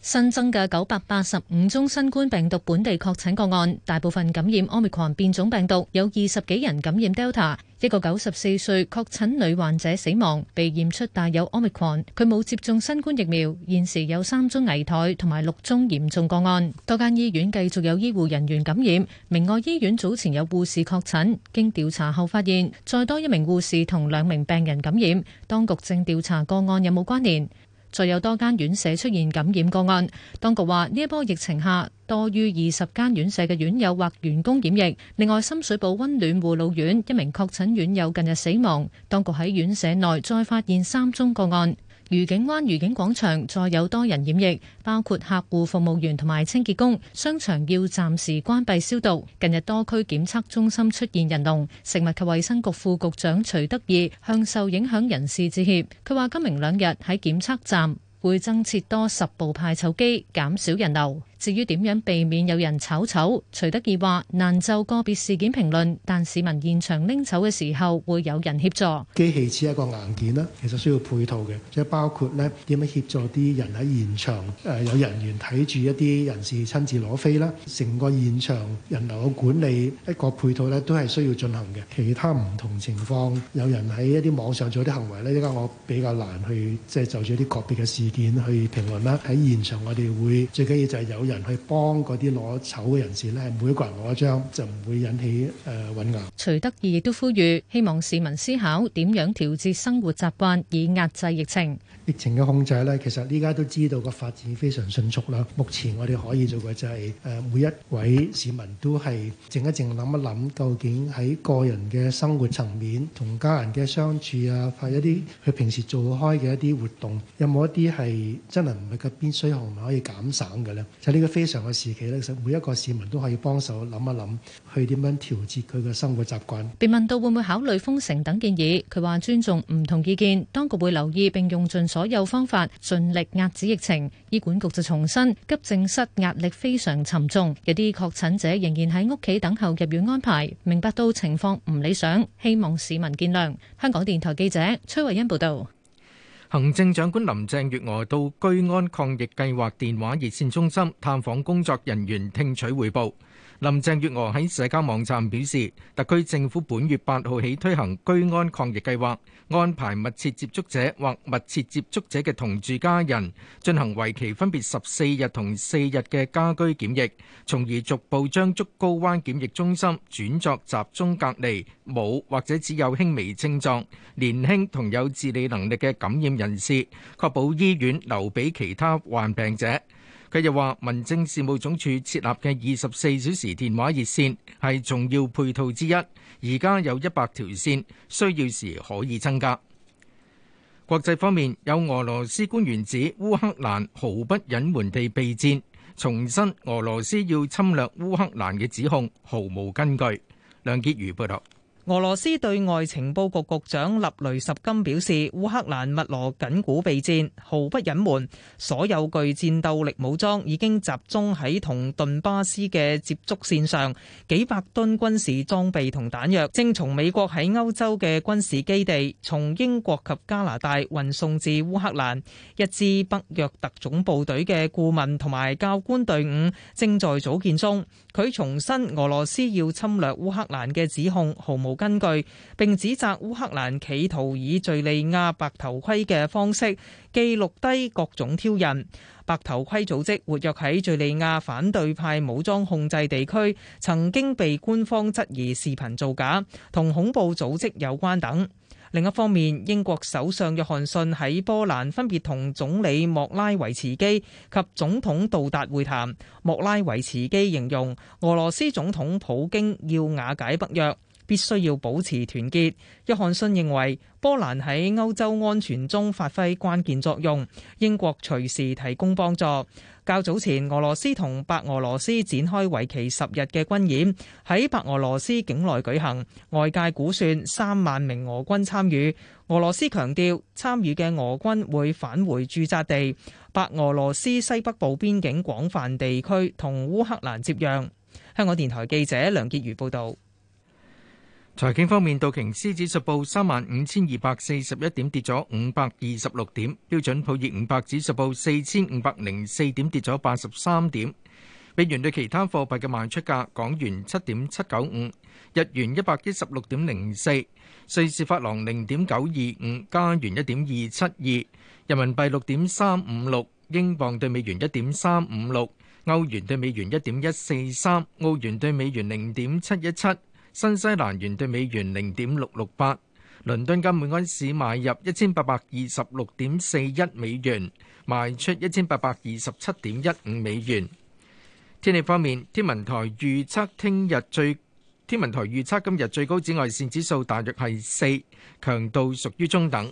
新增嘅九百八十五宗新冠病毒本地確診個案，大部分感染 Omicron 變種病毒，有二十幾人感染 Delta。一個九十四歲確診女患者死亡，被驗出帶有 Omicron，佢冇接種新冠疫苗。現時有三宗危殆同埋六宗嚴重個案。多間醫院繼續有醫護人員感染，明愛醫院早前有護士確診，經調查後發現再多一名護士同兩名病人感染，當局正調查個案有冇關聯。再有多間院舍出現感染個案，當局話呢一波疫情下，多於二十間院舍嘅院友或員工染疫。另外，深水埗溫暖護老院一名確診院友近日死亡，當局喺院舍內再發現三宗個案。愉景灣愉景廣場再有多人染疫，包括客戶、服務員同埋清潔工。商場要暫時關閉消毒。近日多區檢測中心出現人龍，食物及衛生局副局長徐德義向受影響人士致歉。佢話今明兩日喺檢測站會增設多十部派籌機，減少人流。至於點樣避免有人炒籌，徐德義話難就個別事件評論，但市民現場拎籌嘅時候會有人協助。機器只係一個硬件啦，其實需要配套嘅，即係包括咧，點樣協助啲人喺現場誒、呃、有人員睇住一啲人士親自攞飛啦，成個現場人流嘅管理一個配套咧都係需要進行嘅。其他唔同情況有人喺一啲網上做啲行為呢，而家我比較難去即係就住、是、一啲個別嘅事件去評論啦。喺現場我哋會最緊要就係有人。人去幫嗰啲攞籌嘅人士咧，每一個人攞一張，就唔會引起誒混牙混淆。呃、徐德義亦都呼籲，希望市民思考點樣調節生活習慣以壓制疫情。疫情嘅控制呢，其實呢家都知道個發展非常迅速啦。目前我哋可以做嘅就係、是、誒、呃，每一位市民都係靜一靜，諗一諗，究竟喺個人嘅生活層面同家人嘅相處啊，或一啲佢平時做開嘅一啲活動，有冇一啲係真係唔係個必需項目可以減省嘅呢？就呢、是、個非常嘅時期呢，其實每一個市民都可以幫手諗一諗。佢點樣調節佢嘅生活習慣？被問到會唔會考慮封城等建議，佢話尊重唔同意見，當局會留意並用盡所有方法盡力壓止疫情。醫管局就重申急症室壓力非常沉重，有啲確診者仍然喺屋企等候入院安排，明白到情況唔理想，希望市民見諒。香港電台記者崔慧欣報道：行政長官林鄭月娥到居安抗疫計劃電話熱線中心探訪工作人員，聽取彙報。林鄭月娥喺社交網站表示，特區政府本月八號起推行居安抗疫計劃，安排密切接觸者或密切接觸者嘅同住家人進行為期分別十四日同四日嘅家居檢疫，從而逐步將竹篙灣檢疫中心轉作集中隔離，冇或者只有輕微症狀、年輕同有自理能力嘅感染人士，確保醫院留畀其他患病者。佢又話：民政事務總署設立嘅二十四小時電話熱線係重要配套之一，而家有一百條線，需要時可以增加。國際方面，有俄羅斯官員指烏克蘭毫不隱瞞地備戰，重申俄羅斯要侵略烏克蘭嘅指控毫無根據。梁潔如報道。俄羅斯對外情報局局長納雷什金表示，烏克蘭密鑼緊鼓備戰，毫不隱瞞，所有具戰鬥力武裝已經集中喺同頓巴斯嘅接觸線上，幾百噸軍事裝備同彈藥正從美國喺歐洲嘅軍事基地，從英國及加拿大運送至烏克蘭。一支北約特種部隊嘅顧問同埋教官隊伍正在組建中。佢重申俄羅斯要侵略烏克蘭嘅指控，毫無。根據，並指責烏克蘭企圖以敘利亞白頭盔嘅方式記錄低各種挑釁。白頭盔組織活躍喺敘利亞反對派武裝控制地區，曾經被官方質疑視頻造假，同恐怖組織有關等。另一方面，英國首相約翰遜喺波蘭分別同總理莫拉維茨基及總統杜達會談。莫拉維茨基形容俄羅斯總統普京要瓦解北約。必須要保持團結。約翰遜認為，波蘭喺歐洲安全中發揮關鍵作用，英國隨時提供幫助。較早前，俄羅斯同白俄羅斯展開為期十日嘅軍演，喺白俄羅斯境內舉行。外界估算三萬名俄軍參與。俄羅斯強調，參與嘅俄軍會返回駐紮地。白俄羅斯西北部邊境廣泛地區同烏克蘭接壤。香港電台記者梁潔瑜報導。財經方面，道瓊斯指數報三萬五千二百四十一點，跌咗五百二十六點；標準普爾五百指數報四千五百零四點，跌咗八十三點。美元對其他貨幣嘅賣出價：港元七點七九五，日元一百一十六點零四，瑞士法郎零點九二五，加元一點二七二，人民幣六點三五六，英鎊兌美元一點三五六，歐元兌美元一點一四三，澳元兌美元零點七一七。新西蘭元兌美元零點六六八，倫敦金每安士買入一千八百二十六點四一美元，賣出一千八百二十七點一五美元。天氣方面，天文台預測聽日最，天文台預測今日最高紫外綫指數大約係四，強度屬於中等。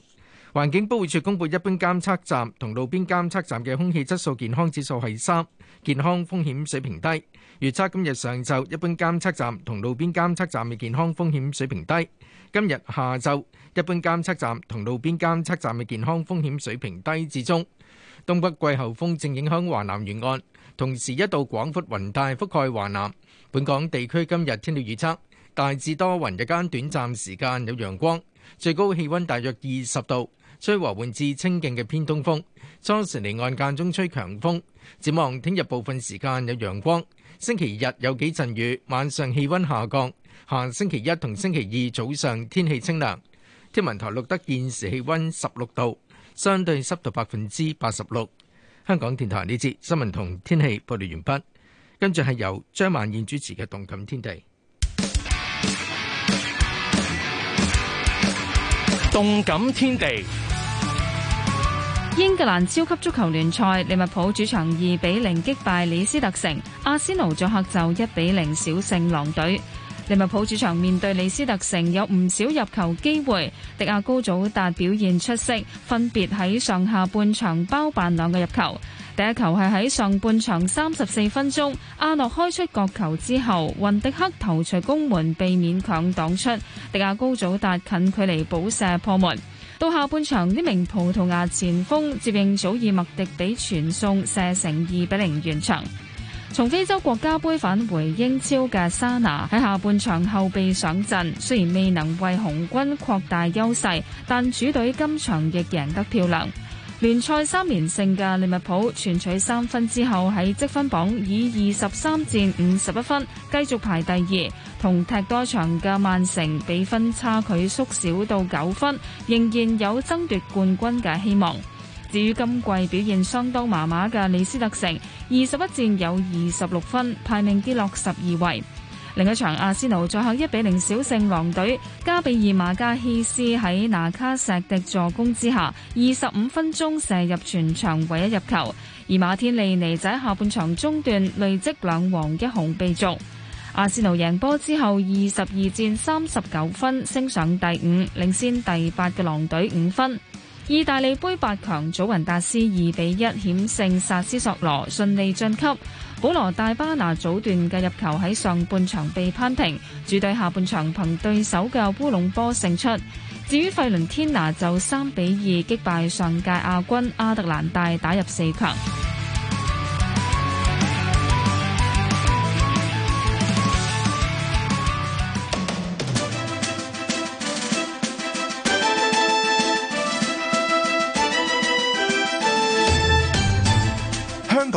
環境保護署公布，一般監測站同路邊監測站嘅空氣質素健康指數係三，健康風險水平低。預測今日上晝一般監測站同路邊監測站嘅健康風險水平低。今日下晝一般監測站同路邊監測站嘅健康風險水平低至中。東北季候風正影響華南沿岸，同時一度廣闊雲帶覆蓋華南。本港地區今日天氣預測大致多雲，日間短暫時間有陽光，最高氣温大約二十度，吹和緩至清勁嘅偏東風。初時離岸間中吹強風。展望聽日部分時間有陽光。星期日有幾陣雨，晚上氣温下降。下星期一同星期二早上天氣清涼。天文台錄得現時氣温十六度，相對濕度百分之八十六。香港電台呢節新聞同天氣報道完畢。跟住係由張萬燕主持嘅《動感天地》。《動感天地》英格蘭超級足球聯賽，利物浦主場二比零擊敗李斯特城，阿仙奴作客就一比零小勝狼隊。利物浦主場面對李斯特城有唔少入球機會，迪亞高祖達表現出色，分別喺上下半場包辦兩個入球。第一球係喺上半場三十四分鐘，阿諾開出角球之後，雲迪克頭槌攻門被勉強擋出，迪亞高祖達近距離補射破門。到下半場，呢名葡萄牙前鋒接應祖爾麥迪畀傳送射成二比零完場。從非洲國家杯返回英超嘅沙拿喺下半場後備上陣，雖然未能為紅軍擴大優勢，但主隊今場亦贏得漂亮。聯賽三連勝嘅利物浦全取三分之後喺積分榜以二十三戰五十一分繼續排第二，同踢多場嘅曼城比分差距縮小到九分，仍然有爭奪冠軍嘅希望。至於今季表現相當麻麻嘅李斯特城，二十一戰有二十六分，排名跌落十二位。另一場阿仙奴再客一比零小勝狼隊，加比爾馬加希斯喺拿卡錫迪助攻之下，二十五分鐘射入全場唯一入球。而馬天利尼在下半場中段累積兩黃一紅被逐。阿仙奴贏波之後，二十二戰三十九分，升上第五，領先第八嘅狼隊五分。意大利杯八強，祖雲達斯二比一險勝薩斯索羅，順利晉級。保羅大巴拿早段嘅入球喺上半場被扳平，主隊下半場憑對手嘅烏龍波勝出。至於費倫天拿就三比二擊敗上屆亞軍阿特蘭大，打入四強。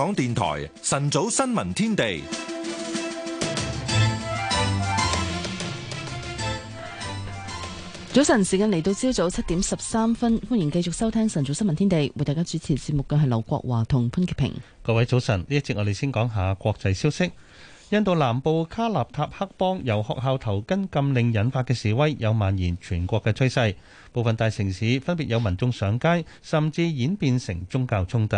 港電台晨早新聞天地，早晨時間嚟到朝早七點十三分，歡迎繼續收聽晨早新聞天地，為大家主持節目嘅係劉國華同潘潔平。各位早晨，呢一節我哋先講下國際消息。印度南部卡納塔克邦由學校頭巾禁令引發嘅示威有蔓延全國嘅趨勢，部分大城市分別有民眾上街，甚至演變成宗教衝突。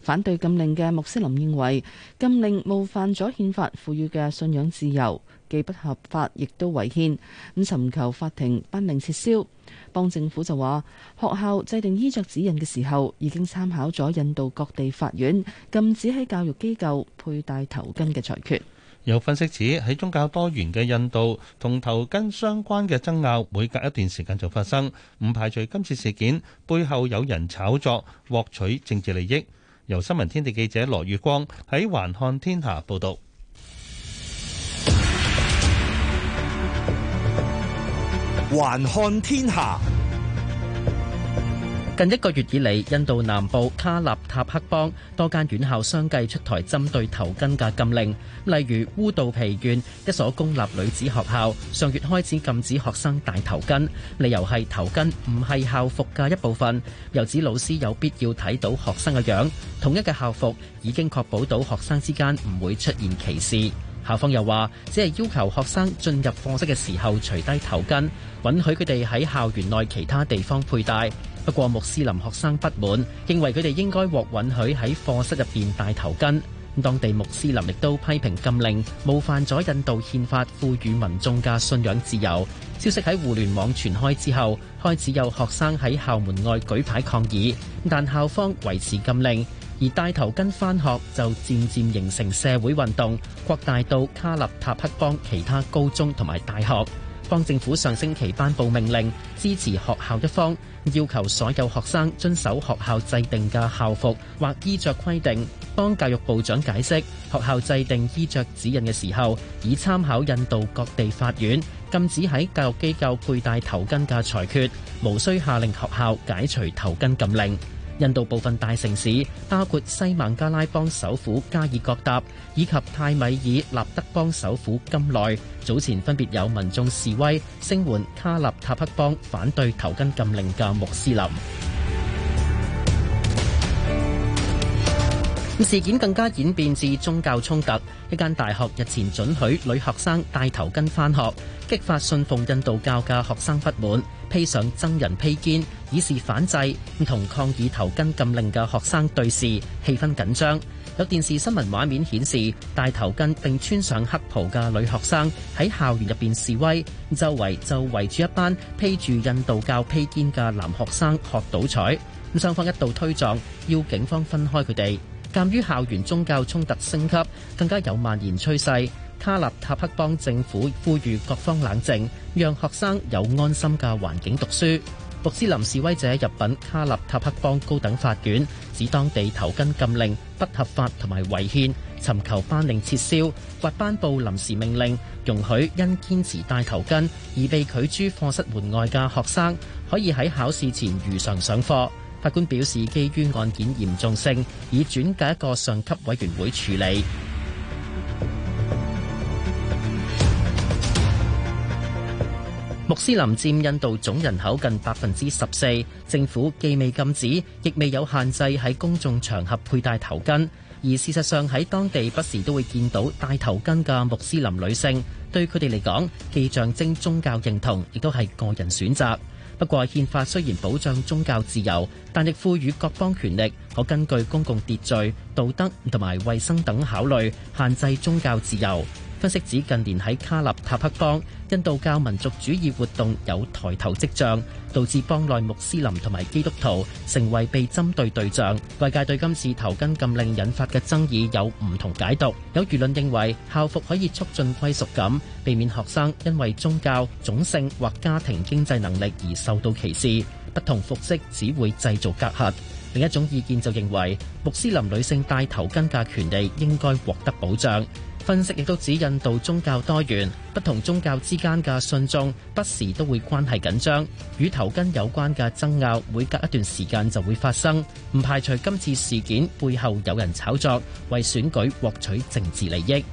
反對禁令嘅穆斯林認為禁令冒犯咗憲法賦予嘅信仰自由，既不合法，亦都違憲，咁尋求法庭頒令撤銷。邦政府就話學校制定衣着指引嘅時候已經參考咗印度各地法院禁止喺教育機構佩戴頭巾嘅裁決。有分析指喺宗教多元嘅印度，同頭巾相關嘅爭拗，每隔一段時間就發生。唔排除今次事件背後有人炒作，獲取政治利益。由新聞天地記者羅月光喺《還看天下》報道。還看天下。近一個月以嚟，印度南部卡納塔克邦多間院校相繼出台針對頭巾嘅禁令，例如烏道皮縣一所公立女子學校，上月開始禁止學生戴頭巾，理由係頭巾唔係校服嘅一部分，又指老師有必要睇到學生嘅樣，同一嘅校服已經確保到學生之間唔會出現歧視，校方又話只係要求學生進入課室嘅時候除低頭巾，允許佢哋喺校園內其他地方佩戴。不過穆斯林學生不滿，認為佢哋應該獲允許喺課室入邊戴頭巾。當地穆斯林亦都批評禁令，冒犯咗印度憲法賦予民眾嘅信仰自由。消息喺互聯網傳開之後，開始有學生喺校門外舉牌抗議。但校方維持禁令。而戴頭巾返學就漸漸形成社會運動，擴大到卡納塔克邦其他高中同埋大學。當政府上星期頒布命令支持學校一方，要求所有學生遵守學校制定嘅校服或衣着規定。當教育部長解釋學校制定衣着指引嘅時候，以參考印度各地法院禁止喺教育機構佩戴頭巾嘅裁決，無需下令學校解除頭巾禁令。印度部分大城市包括西孟加拉邦首府加爾各答，以及泰米爾納德邦首府金奈早前分別有民眾示威，聲援卡納塔克邦反對頭巾禁令的穆斯林。事件更加演變至宗教衝突，一間大學日前准許女學生戴頭巾返學，激發信奉印度教嘅學生不滿 披上僧人披肩，以示反制，唔同抗議頭巾禁令嘅學生對視，氣氛緊張。有電視新聞畫面顯示，戴頭巾並穿上黑袍嘅女學生喺校園入邊示威，周圍就圍住一班披住印度教披肩嘅男學生喝倒彩。咁雙方一度推撞，要警方分開佢哋。鑑於校園宗教衝突升級，更加有蔓延趨勢。卡納塔克邦政府呼籲各方冷靜，讓學生有安心嘅環境讀書。穆斯林示威者入禀卡納塔克邦高等法院，指當地頭巾禁令不合法同埋違憲，尋求頒令撤銷或頒布臨時命令，容許因堅持戴頭巾而被拒諸課室門外嘅學生可以喺考試前如常上，上課。法官表示，基於案件嚴重性，已轉介一個上級委員會處理。穆斯林佔印度總人口近百分之十四，政府既未禁止，亦未有限制喺公眾場合佩戴頭巾，而事實上喺當地不時都會見到戴頭巾嘅穆斯林女性。對佢哋嚟講，既象徵宗教認同，亦都係個人選擇。不過，憲法雖然保障宗教自由，但亦賦予各邦權力，可根據公共秩序、道德同埋衛生等考慮限制宗教自由。分析指近年喺卡納塔克邦，印度教民族主義活動有抬頭跡象，導致邦內穆斯林同埋基督徒成為被針對對象。外界對今次頭巾禁令引發嘅爭議有唔同解讀，有輿論認為校服可以促進歸屬感，避免學生因為宗教、種姓或家庭經濟能力而受到歧視；不同服飾只會製造隔閡。另一種意見就認為，穆斯林女性戴頭巾嘅權利應該獲得保障。分析亦都指印度宗教多元，不同宗教之間嘅信眾不時都會關係緊張，與頭巾有關嘅爭拗，每隔一段時間就會發生，唔排除今次事件背後有人炒作，為選舉獲取政治利益。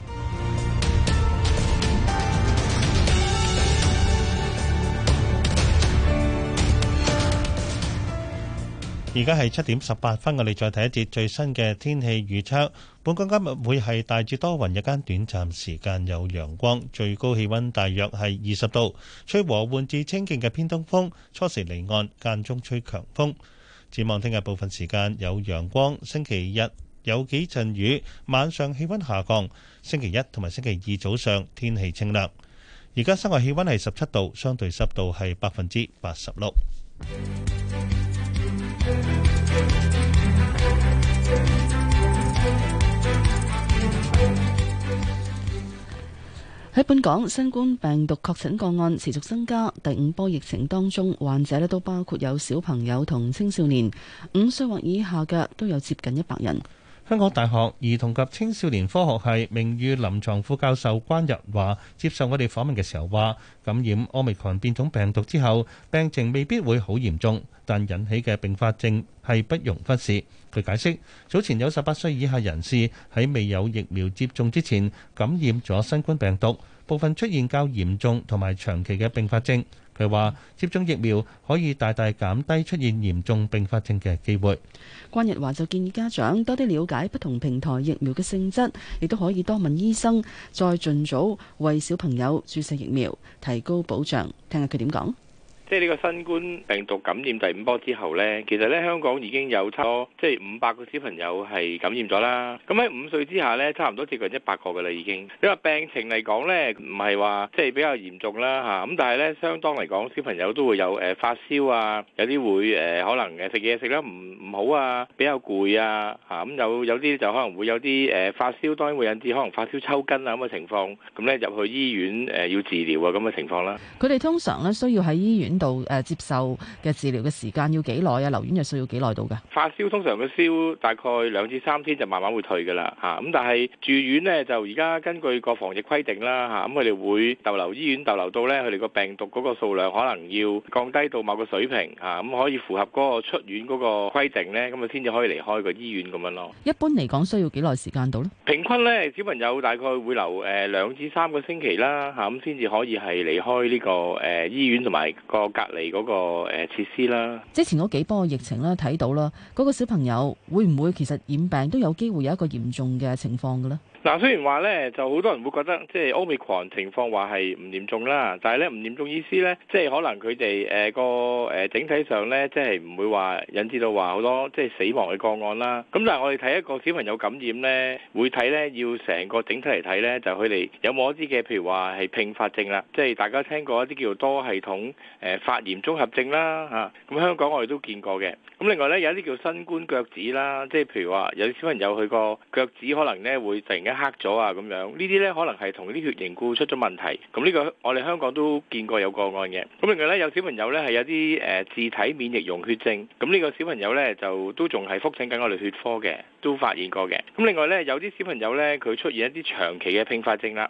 而家係七點十八分，我哋再睇一節最新嘅天氣預測。本港今日會係大致多雲，日間短暫時間有陽光，最高氣溫大約係二十度，吹和緩至清勁嘅偏東風，初時離岸，間中吹強風。展望聽日部分時間有陽光，星期日有幾陣雨，晚上氣溫下降。星期一同埋星期二早上天氣清涼。而家室外氣溫係十七度，相對濕度係百分之八十六。喺本港，新冠病毒確診個案持續增加。第五波疫情當中，患者呢都包括有小朋友同青少年，五歲或以下嘅都有接近一百人。香港大學兒童及青少年科學系名譽臨床副教授關日華接受我哋訪問嘅時候話：感染奧密克戎變種病毒之後，病情未必會好嚴重，但引起嘅併發症係不容忽視。佢解釋：早前有十八歲以下人士喺未有疫苗接種之前感染咗新冠病毒，部分出現較嚴重同埋長期嘅併發症。佢話接種疫苗可以大大減低出現嚴重併發症嘅機會。關日華就建議家長多啲了解不同平台疫苗嘅性質，亦都可以多問醫生，再盡早為小朋友注射疫苗，提高保障。聽下佢點講。即係呢個新冠病毒感染第五波之後咧，其實咧香港已經有差唔多，即係五百個小朋友係感染咗啦。咁喺五歲之下咧，差唔多接近一百個㗎啦已經。因為病情嚟講咧，唔係話即係比較嚴重啦嚇。咁但係咧，相當嚟講，小朋友都會有誒發燒啊，有啲會誒可能誒食嘢食得唔唔好啊，比較攰啊嚇。咁、啊、有有啲就可能會有啲誒發燒，當然會引致可能發燒抽筋啊咁嘅情況。咁咧入去醫院誒要治療啊咁嘅情況啦。佢哋通常咧需要喺醫院度誒接受嘅治療嘅時間要幾耐啊？留院又需要幾耐到嘅？發燒通常嘅燒大概兩至三天就慢慢會退嘅啦，嚇咁但係住院呢就而家根據個防疫規定啦，嚇咁佢哋會逗留醫院逗留到咧佢哋個病毒嗰個數量可能要降低到某個水平，嚇咁可以符合嗰個出院嗰個規定咧，咁啊先至可以離開個醫院咁樣咯。一般嚟講需要幾耐時間到呢？平均咧小朋友大概會留誒兩至三個星期啦，嚇咁先至可以係離開呢個誒醫院同埋個。隔離嗰個誒設施啦，之前嗰幾波疫情啦，睇到啦，嗰、嗰個小朋友會唔會其實染病都有機會有一個嚴重嘅情況㗎咧？嗱，雖然話咧，就好多人會覺得即係奧密克戎情況話係唔嚴重啦，但係咧唔嚴重意思咧，即係可能佢哋誒個誒整體上咧，即係唔會話引致到話好多即係死亡嘅個案啦。咁但係我哋睇一個小朋友感染咧，會睇咧要成個整體嚟睇咧，就佢哋有冇一啲嘅，譬如話係併發症啦，即係大家聽過一啲叫做多系統誒發炎綜合症啦嚇。咁香港我哋都見過嘅。咁另外咧有一啲叫新冠腳趾啦，即係譬如話有啲小朋友佢個腳趾可能咧會突然間。黑咗啊，咁樣呢啲呢，可能係同啲血凝固出咗問題，咁呢個我哋香港都見過有個案嘅，咁另外呢，有小朋友呢，係有啲誒、呃、自體免疫溶血症，咁呢個小朋友呢，就都仲係覆診緊我哋血科嘅，都發現過嘅，咁另外呢，有啲小朋友呢，佢出現一啲長期嘅併發症啦。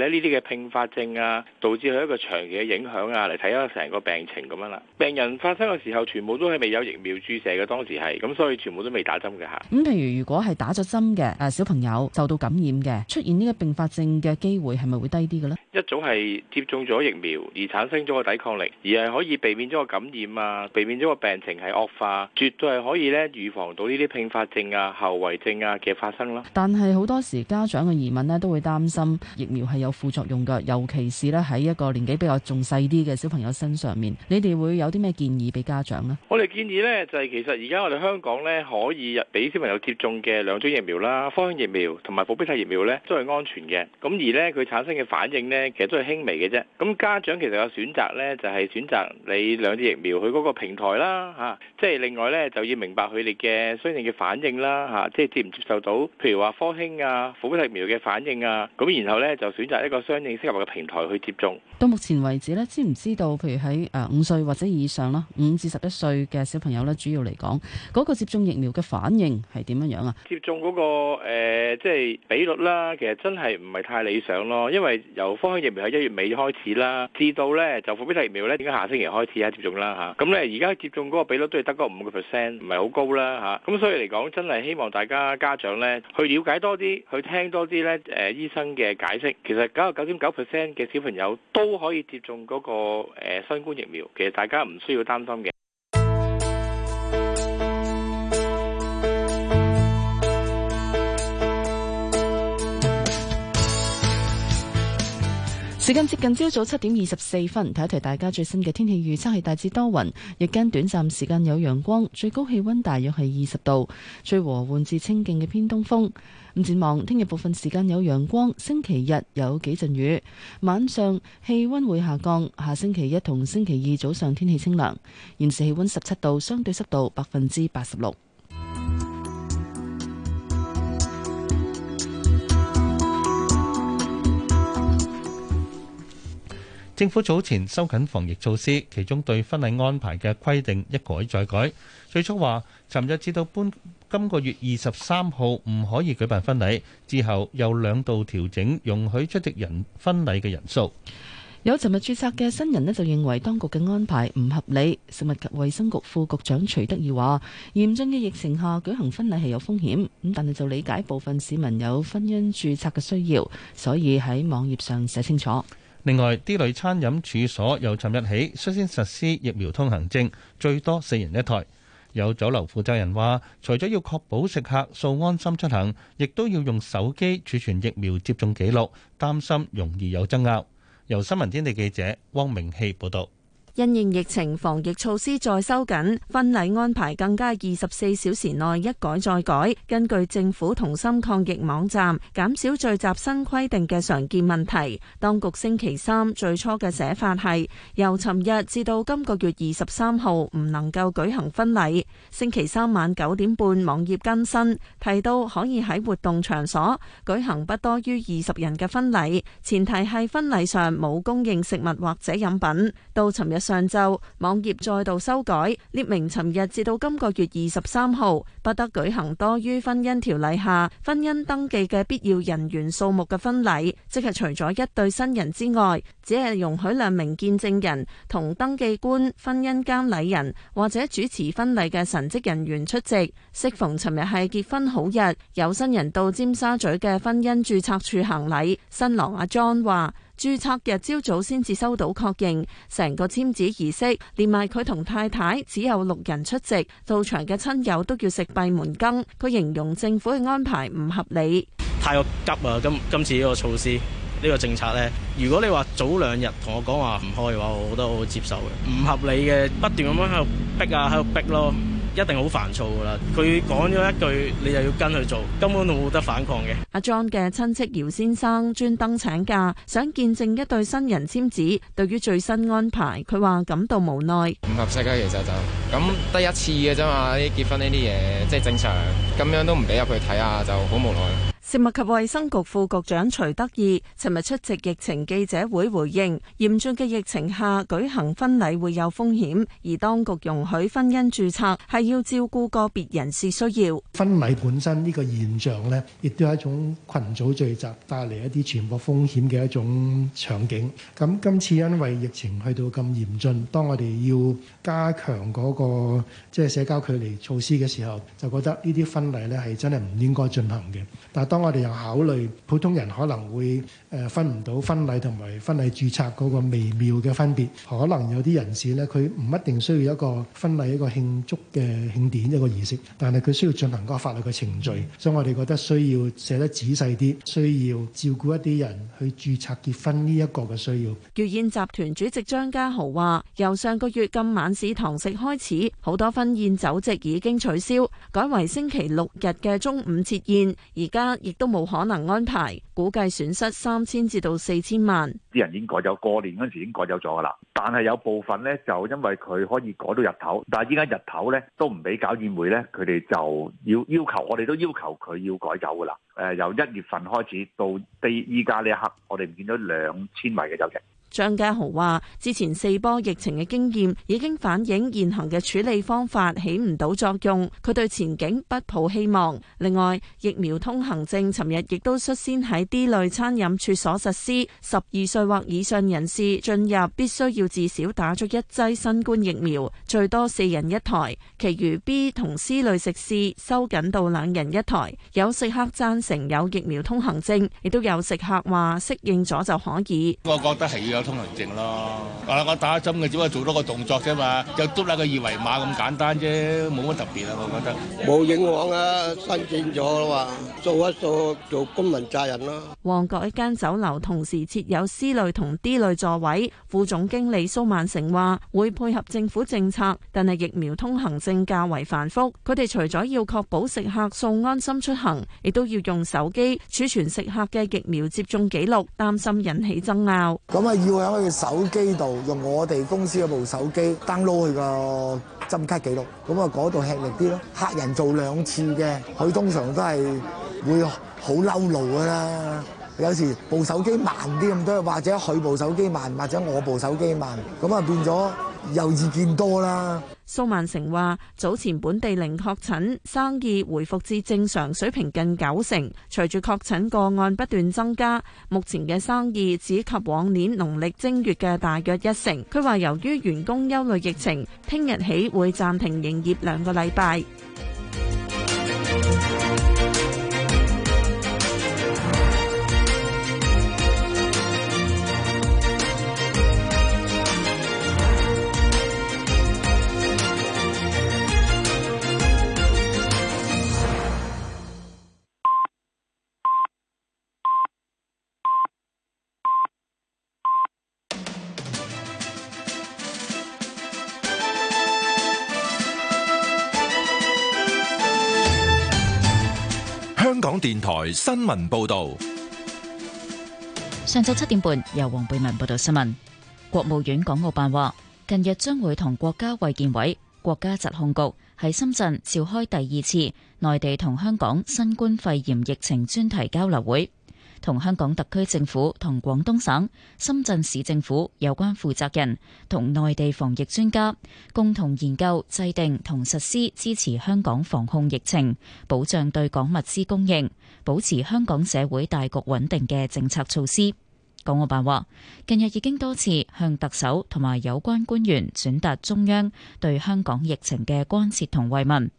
呢啲嘅併發症啊，導致佢一個長期嘅影響啊，嚟睇下成個病情咁樣啦、啊。病人發生嘅時候，全部都係未有疫苗注射嘅，當時係咁，所以全部都未打針嘅吓。咁譬、嗯、如如果係打咗針嘅，誒小朋友受到感染嘅，出現呢個併發症嘅機會係咪會低啲嘅呢？一早係接種咗疫苗而產生咗個抵抗力，而係可以避免咗個感染啊，避免咗個病情係惡化，絕對係可以咧預防到呢啲併發症啊、後遺症啊嘅發生咯、啊。但係好多時家長嘅疑問呢，都會擔心疫苗係有。副作用噶，尤其是咧喺一個年紀比較仲細啲嘅小朋友身上面，你哋會有啲咩建議俾家長咧？我哋建議咧，就係其實而家我哋香港咧可以俾小朋友接種嘅兩種疫苗啦，科興疫苗同埋復必泰疫苗咧，都係安全嘅。咁而咧佢產生嘅反應咧，其實都係輕微嘅啫。咁家長其實有選擇咧，就係選擇你兩隻疫苗，佢嗰個平台啦，吓，即係另外咧就要明白佢哋嘅相應嘅反應啦，吓，即係接唔接受到，譬如話科興啊、復必泰疫苗嘅反應啊，咁然後咧就選擇。一個相應適合嘅平台去接種。到目前為止咧，知唔知道？譬如喺誒五歲或者以上啦，五至十一歲嘅小朋友咧，主要嚟講嗰個接種疫苗嘅反應係點樣樣啊？接種嗰、那個誒，即、呃、係、就是、比率啦，其實真係唔係太理想咯。因為由科興疫苗喺一月尾開始啦,至到咧就復必泰疫苗咧，應該下星期開始啊接種啦吓？咁咧而家接種嗰個比率都係得嗰五個 percent，唔係好高啦吓。咁、啊、所以嚟講，真係希望大家家長咧去了解多啲，去聽多啲咧誒醫生嘅解釋，其實。九十九點九 percent 嘅小朋友都可以接種嗰個新冠疫苗，其實大家唔需要擔心嘅。時間接近朝早七點二十四分，睇一睇大家最新嘅天氣預測係大致多雲，日間短暫時間有陽光，最高氣溫大約係二十度，最和緩至清勁嘅偏東風。咁展望，聽日部分時間有陽光，星期日有幾陣雨，晚上氣温會下降。下星期一同星期二早上天氣清涼。現時氣温十七度，相對濕度百分之八十六。政府早前收緊防疫措施，其中對婚禮安排嘅規定一改再改。最初話，尋日至到搬。今個月二十三號唔可以舉辦婚禮，之後又兩度調整容許出席人婚禮嘅人數。有尋日注冊嘅新人咧就認為當局嘅安排唔合理。食物及衛生局副局長徐德義話，嚴峻嘅疫情下舉行婚禮係有風險，咁但係就理解部分市民有婚姻注冊嘅需要，所以喺網頁上寫清楚。另外，啲類餐飲處所由尋日起，率先實施疫苗通行證，最多四人一台。有酒樓負責人話，除咗要確保食客素安心出行，亦都要用手機儲存疫苗接種記錄，擔心容易有爭拗。由新聞天地記者汪明熙報道。因應疫情防疫措施再收緊，婚禮安排更加二十四小時內一改再改。根據政府同心抗疫網站減少聚集新規定嘅常見問題，當局星期三最初嘅寫法係由尋日至到今個月二十三號唔能夠舉行婚禮。星期三晚九點半網頁更新，提到可以喺活動場所舉行不多於二十人嘅婚禮，前提係婚禮上冇供應食物或者飲品。到尋日上晝，網頁再度修改，列明尋日至到今個月二十三號，不得舉行多於婚姻條例下婚姻登記嘅必要人員數目嘅婚禮，即係除咗一對新人之外，只係容許兩名見證人、同登記官、婚姻監禮人或者主持婚禮嘅神職人員出席。適逢尋日係結婚好日，有新人到尖沙咀嘅婚姻注冊處行禮，新郎阿 John 話。註冊日朝早先至收到確認，成個簽紙儀式連埋佢同太太只有六人出席，到場嘅親友都叫食閉門羹。佢形容政府嘅安排唔合理，太過急啊！今今次呢個措施呢，呢個政策咧，如果你話早兩日同我講話唔開嘅話，我覺得我會接受嘅。唔合理嘅，不斷咁樣喺度逼啊，喺度逼咯。一定好煩躁噶啦！佢講咗一句，你又要跟佢做，根本都冇得反抗嘅。阿 John 嘅親戚姚先生專登請假，想見證一對新人簽紙。對於最新安排，佢話感到無奈。唔合適嘅、啊、其實就咁得一次嘅啫嘛，啲結婚呢啲嘢即係正常。咁樣都唔俾入去睇啊，就好無奈。食物及衛生局副局長徐德義尋日出席疫情記者會，回應嚴峻嘅疫情下舉行婚禮會有風險，而當局容許婚姻註冊係要照顧個別人士需要。婚禮本身呢個現象呢，亦都係一種群組聚集帶嚟一啲傳播風險嘅一種場景。咁今次因為疫情去到咁嚴峻，當我哋要加強嗰個即係社交距離措施嘅時候，就覺得呢啲婚禮呢係真係唔應該進行嘅。但係，當我哋又考慮普通人可能會誒分唔到婚禮同埋婚禮注冊嗰個微妙嘅分別，可能有啲人士咧，佢唔一定需要一個婚禮一個慶祝嘅慶典一個儀式，但係佢需要進行個法律嘅程序，所以我哋覺得需要寫得仔細啲，需要照顧一啲人去注冊結婚呢一個嘅需要。粵宴集團主席張家豪話由上個月禁晚市堂食開始，好多婚宴酒席已經取消，改為星期六日嘅中午設宴，而家亦都冇可能安排，估計損失三。千至到四千萬，啲人已經改走，過年嗰陣時已經改走咗噶啦。但係有部分咧，就因為佢可以改到日頭，但係依家日頭咧都唔俾搞宴會咧，佢哋就要要求，我哋都要求佢要改走噶啦。誒，由一月份開始到第依家呢一刻，我哋唔見咗兩千圍嘅酒席。張家豪話：之前四波疫情嘅經驗已經反映現行嘅處理方法起唔到作用，佢對前景不抱希望。另外，疫苗通行證尋日亦都率先喺 D 類餐飲處所實施，十二歲或以上人士進入必須要至少打足一劑新冠疫苗，最多四人一台。其餘 B 同 C 類食肆收緊到兩人一台。有食客贊成有疫苗通行證，亦都有食客話適應咗就可以。我覺得係通行證咯，我打針嘅只不過做多個動作啫嘛，就篤下個二維碼咁簡單啫，冇乜特別啊，我覺得冇影響啊，新建咗啊嘛，做一做做公民責任咯。旺角一間酒樓同時設有 C 類同 D 類座位，副總經理蘇萬成話：會配合政府政策，但係疫苗通行證較為繁複，佢哋除咗要確保食客送安心出行，亦都要用手機儲存食客嘅疫苗接種記錄，擔心引起爭拗。咁啊，會喺佢嘅手機度用我哋公司嗰部手機 download 佢個針卡記錄，咁啊，嗰度吃力啲咯。客人做兩次嘅，佢通常都係會好嬲怒噶啦。有時部手機慢啲咁多，或者佢部手機慢，或者我部手機慢，咁啊，變咗又意見多啦。蘇萬成話：早前本地零確診，生意回復至正常水平近九成。隨住確診個案不斷增加，目前嘅生意只及往年農曆正月嘅大約一成。佢話由於員工憂慮疫情，聽日起會暫停營業兩個禮拜。電台新聞報道：上晝七點半，由黃貝文報道新聞。國務院港澳辦話，近日將會同國家衛健委、國家疾控局喺深圳召開第二次內地同香港新冠肺炎疫情專題交流會。同香港特區政府、同廣東省、深圳市政府有關負責人同內地防疫專家共同研究制定同實施支持香港防控疫情、保障對港物資供應、保持香港社會大局穩定嘅政策措施。港澳辦話，近日已經多次向特首同埋有關官員轉達中央對香港疫情嘅關切同慰問，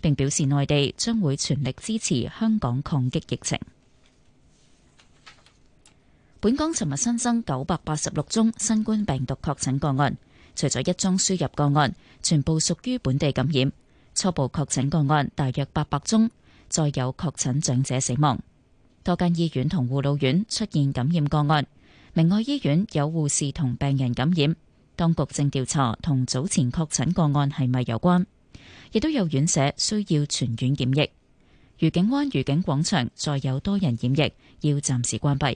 並表示內地將會全力支持香港抗擊疫情。本港尋日新增九百八十六宗新冠病毒確診個案，除咗一宗輸入個案，全部屬於本地感染。初步確診個案大約八百宗，再有確診長者死亡。多間醫院同護老院出現感染個案，明愛醫院有護士同病人感染，當局正調查同早前確診個案係咪有關。亦都有院舍需要全院檢疫，愉景灣愉景廣場再有多人染疫，要暫時關閉。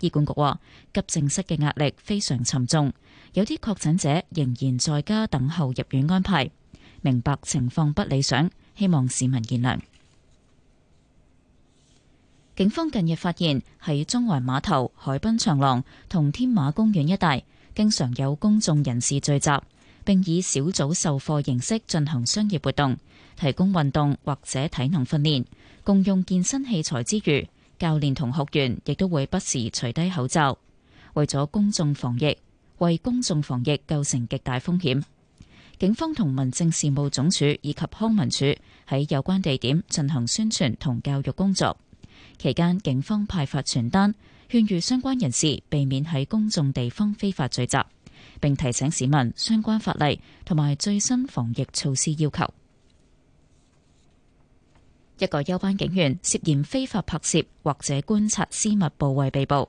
醫管局話，急症室嘅壓力非常沉重，有啲確診者仍然在家等候入院安排。明白情況不理想，希望市民見諒。警方近日發現喺中環碼頭、海濱長廊同天馬公園一帶，經常有公眾人士聚集，並以小組授課形式進行商業活動，提供運動或者體能訓練，共用健身器材之餘。教練同學員亦都會不時除低口罩，為咗公眾防疫，為公眾防疫構成極大風險。警方同民政事務總署以及康文署喺有關地點進行宣傳同教育工作。期間，警方派發傳單，勸喻相關人士避免喺公眾地方非法聚集，並提醒市民相關法例同埋最新防疫措施要求。一個休班警員涉嫌非法拍攝或者觀察私密部位被捕，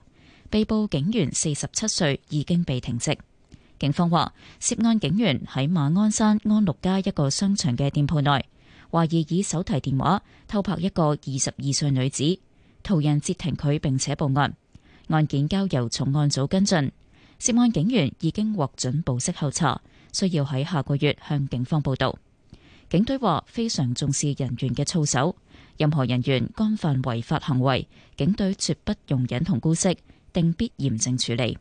被捕警員四十七歲，已經被停職。警方話，涉案警員喺馬鞍山安祿街一個商場嘅店鋪內，懷疑以手提電話偷拍一個二十二歲女子，途人截停佢並且報案，案件交由重案組跟進。涉案警員已經獲准保釋候查，需要喺下個月向警方報到。警隊話非常重視人員嘅操守，任何人員幹犯違法行為，警隊絕不容忍同姑息，定必嚴正處理。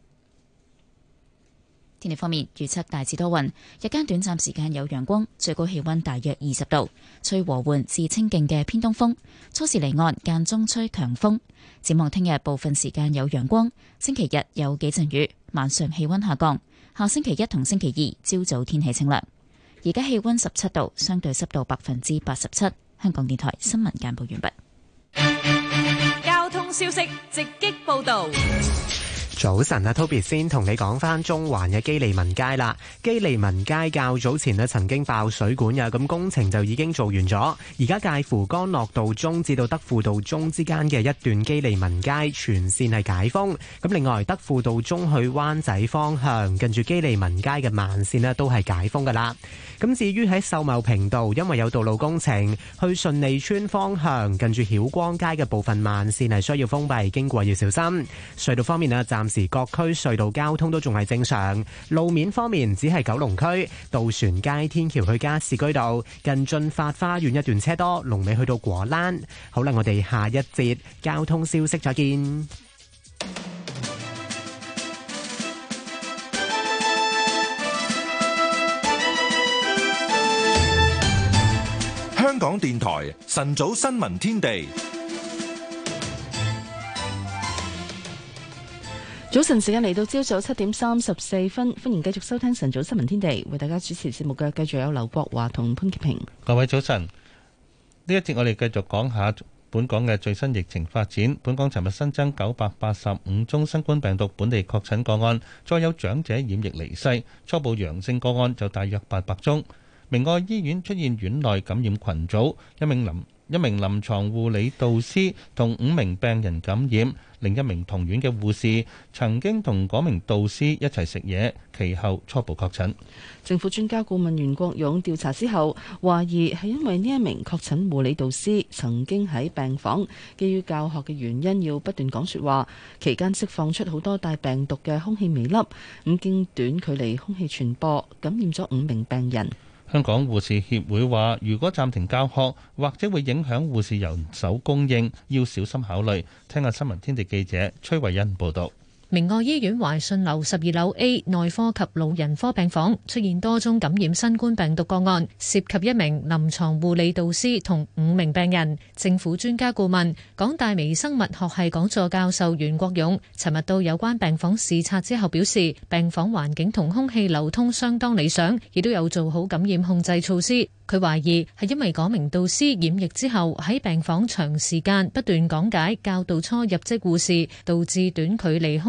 天氣方面，預測大致多雲，日間短暫時間有陽光，最高氣温大約二十度，吹和緩至清勁嘅偏東風，初時離岸間中吹強風。展望聽日部分時間有陽光，星期日有幾陣雨，晚上氣温下降，下星期一同星期二朝早天氣清涼。而家氣溫十七度，相對濕度百分之八十七。香港電台新聞簡報完畢。交通消息直擊報道。早晨啊，Toby 先同你講翻中環嘅基利文街啦。基利文街較早前啊，曾經爆水管啊，咁工程就已經做完咗。而家介乎干諾道中至到德輔道中之間嘅一段基利文街全線係解封咁。另外，德輔道中去灣仔方向，近住基利文街嘅慢線咧都係解封噶啦。咁至於喺秀茂坪道，因為有道路工程，去順利村方向近住曉光街嘅部分慢線係需要封閉，經過要小心。隧道方面啊，暫時各區隧道交通都仲係正常。路面方面，只係九龍區渡船街天橋去加士居道近駿發花園一段車多，龍尾去到果欄。好啦，我哋下一節交通消息，再見。香港電台晨早新聞天地，早晨時間嚟到朝早七點三十四分，歡迎繼續收聽晨早新聞天地，為大家主持節目嘅繼續有劉國華同潘潔平。各位早晨，呢一節我哋繼續講下本港嘅最新疫情發展。本港尋日新增九百八十五宗新冠病毒本地確診個案，再有長者染疫離世，初步陽性個案就大約八百宗。明愛醫院出現院內感染群組，一名臨一名臨床護理導師同五名病人感染，另一名同院嘅護士曾經同嗰名導師一齊食嘢，其後初步確診。政府專家顧問袁國勇調查之後，懷疑係因為呢一名確診護理導師曾經喺病房，基於教學嘅原因要不斷講說話，期間釋放出好多帶病毒嘅空氣微粒，咁經短距離空氣傳播感染咗五名病人。香港護士協會話：如果暫停教學，或者會影響護士人手供應，要小心考慮。聽下新聞天地記者崔慧欣報道。明愛醫院懷信樓十二樓 A，內科及老人科病房，出現多宗感染新冠病毒個案，涉及一名臨床護理導師同五名病人。政府專家顧問，港大微生物學系講座教授袁國勇，尋日到有關病房視察之後表示，病房環境同空氣流通相當理想，亦都有做好感染控制措施。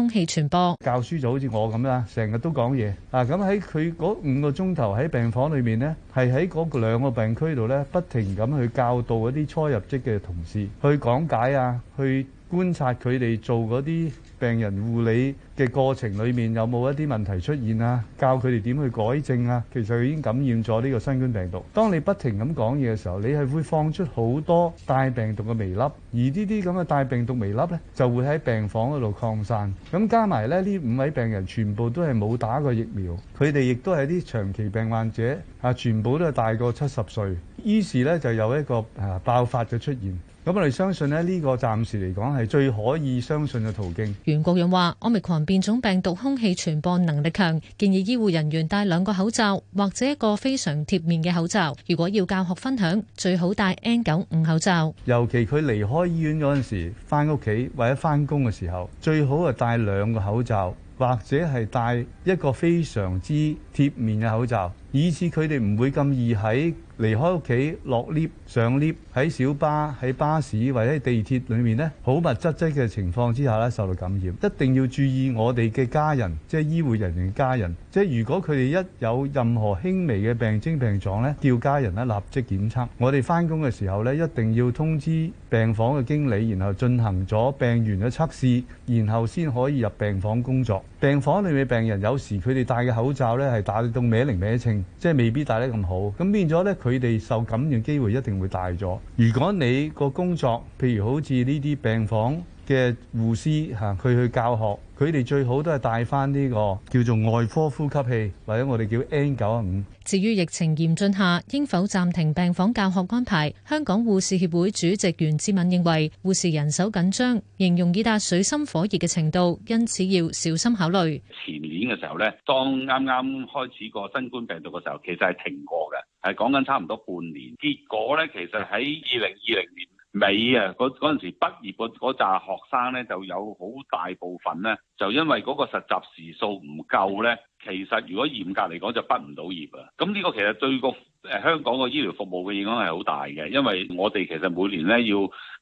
氣傳播教書就好似我咁啦，成日都講嘢啊！咁喺佢嗰五個鐘頭喺病房裏面呢，係喺嗰兩個病區度呢，不停咁去教導嗰啲初入職嘅同事，去講解啊，去觀察佢哋做嗰啲。病人護理嘅過程裡面有冇一啲問題出現啊？教佢哋點去改正啊？其實佢已經感染咗呢個新冠病毒。當你不停咁講嘢嘅時候，你係會放出好多帶病毒嘅微粒，而呢啲咁嘅帶病毒微粒呢，就會喺病房嗰度擴散。咁加埋咧，呢五位病人全部都係冇打過疫苗，佢哋亦都係啲長期病患者，啊，全部都係大過七十歲。於是呢，就有一個啊爆發嘅出現。咁我哋相信呢，呢個暫時嚟講係最可以相信嘅途徑。袁國勇話，奧密克戎變種病毒空氣傳播能力強，建議醫護人員戴兩個口罩，或者一個非常貼面嘅口罩。如果要教學分享，最好戴 N95 口罩。尤其佢離開醫院嗰陣時，返屋企或者返工嘅時候，最好係戴兩個口罩，或者係戴一個非常之貼面嘅口罩，以至佢哋唔會咁易喺離開屋企落 lift 上 lift 喺小巴喺巴士或者地鐵裏面呢，好密質質嘅情況之下呢，受到感染，一定要注意我哋嘅家人，即係醫護人員嘅家人。即係如果佢哋一有任何輕微嘅病徵病狀呢，叫家人呢立即檢測。我哋翻工嘅時候呢，一定要通知病房嘅經理，然後進行咗病源嘅測試，然後先可以入病房工作。病房裏面病人有時佢哋戴嘅口罩呢係戴到咩零咩稱，即係未必戴得咁好，咁變咗呢。佢哋受感染機會一定會大咗。如果你個工作，譬如好似呢啲病房。嘅護師嚇，佢去教學，佢哋最好都係帶翻呢個叫做外科呼吸器，或者我哋叫 N95。至於疫情嚴峻下，應否暫停病房教學安排？香港護士協會主席袁志敏認為，護士人手緊張，形容已達水深火熱嘅程度，因此要小心考慮。前年嘅時候呢，當啱啱開始個新冠病毒嘅時候，其實係停過嘅，係講緊差唔多半年。結果呢，其實喺二零二零年。美啊！嗰嗰陣時畢業嗰扎學生咧，就有好大部分咧，就因為嗰個實習時數唔夠咧，其實如果嚴格嚟講就畢唔到業啊。咁呢個其實對個誒香港個醫療服務嘅影響係好大嘅，因為我哋其實每年咧要，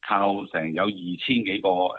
靠成有二千幾個誒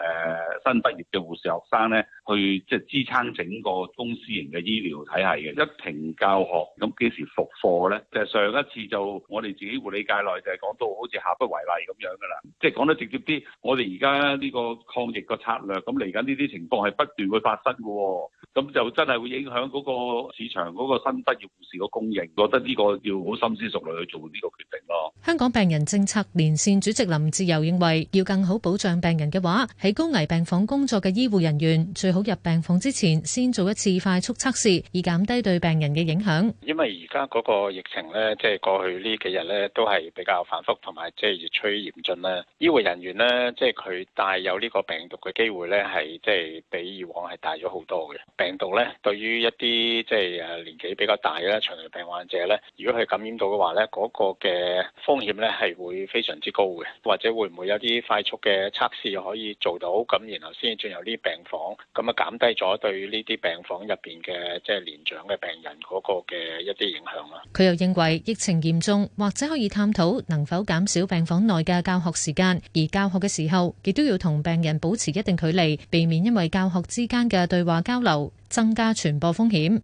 新畢業嘅護士學生咧，去即係支撐整個公司型嘅醫療體系嘅。一停教學，咁幾時復課咧？就上一次就我哋自己護理界內就係講到好似下不為例咁樣噶啦。即係講得直接啲，我哋而家呢個抗疫個策略，咁嚟緊呢啲情況係不斷會發生嘅喎。咁就真係會影響嗰個市場嗰個新畢業護士個供應。覺得呢個要好深思熟慮去做呢個決定咯。香港病人政策連線主席林志友認為。要更好保障病人嘅話，喺高危病房工作嘅醫護人員最好入病房之前先做一次快速測試，以減低對病人嘅影響。因為而家嗰個疫情咧，即係過去呢幾日咧都係比較反覆，同埋即係越趨嚴峻啦。醫護人員咧，即係佢帶有呢個病毒嘅機會咧，係即係比以往係大咗好多嘅。病毒咧，對於一啲即係誒年紀比較大嘅啦、長期病患者咧，如果佢感染到嘅話咧，嗰個嘅風險咧係會非常之高嘅，或者會唔會有啲？啲快速嘅測試又可以做到，咁然後先進入啲病房，咁啊減低咗對呢啲病房入邊嘅即係年長嘅病人嗰個嘅一啲影響啦。佢又認為疫情嚴重，或者可以探討能否減少病房內嘅教學時間，而教學嘅時候亦都要同病人保持一定距離，避免因為教學之間嘅對話交流增加傳播風險。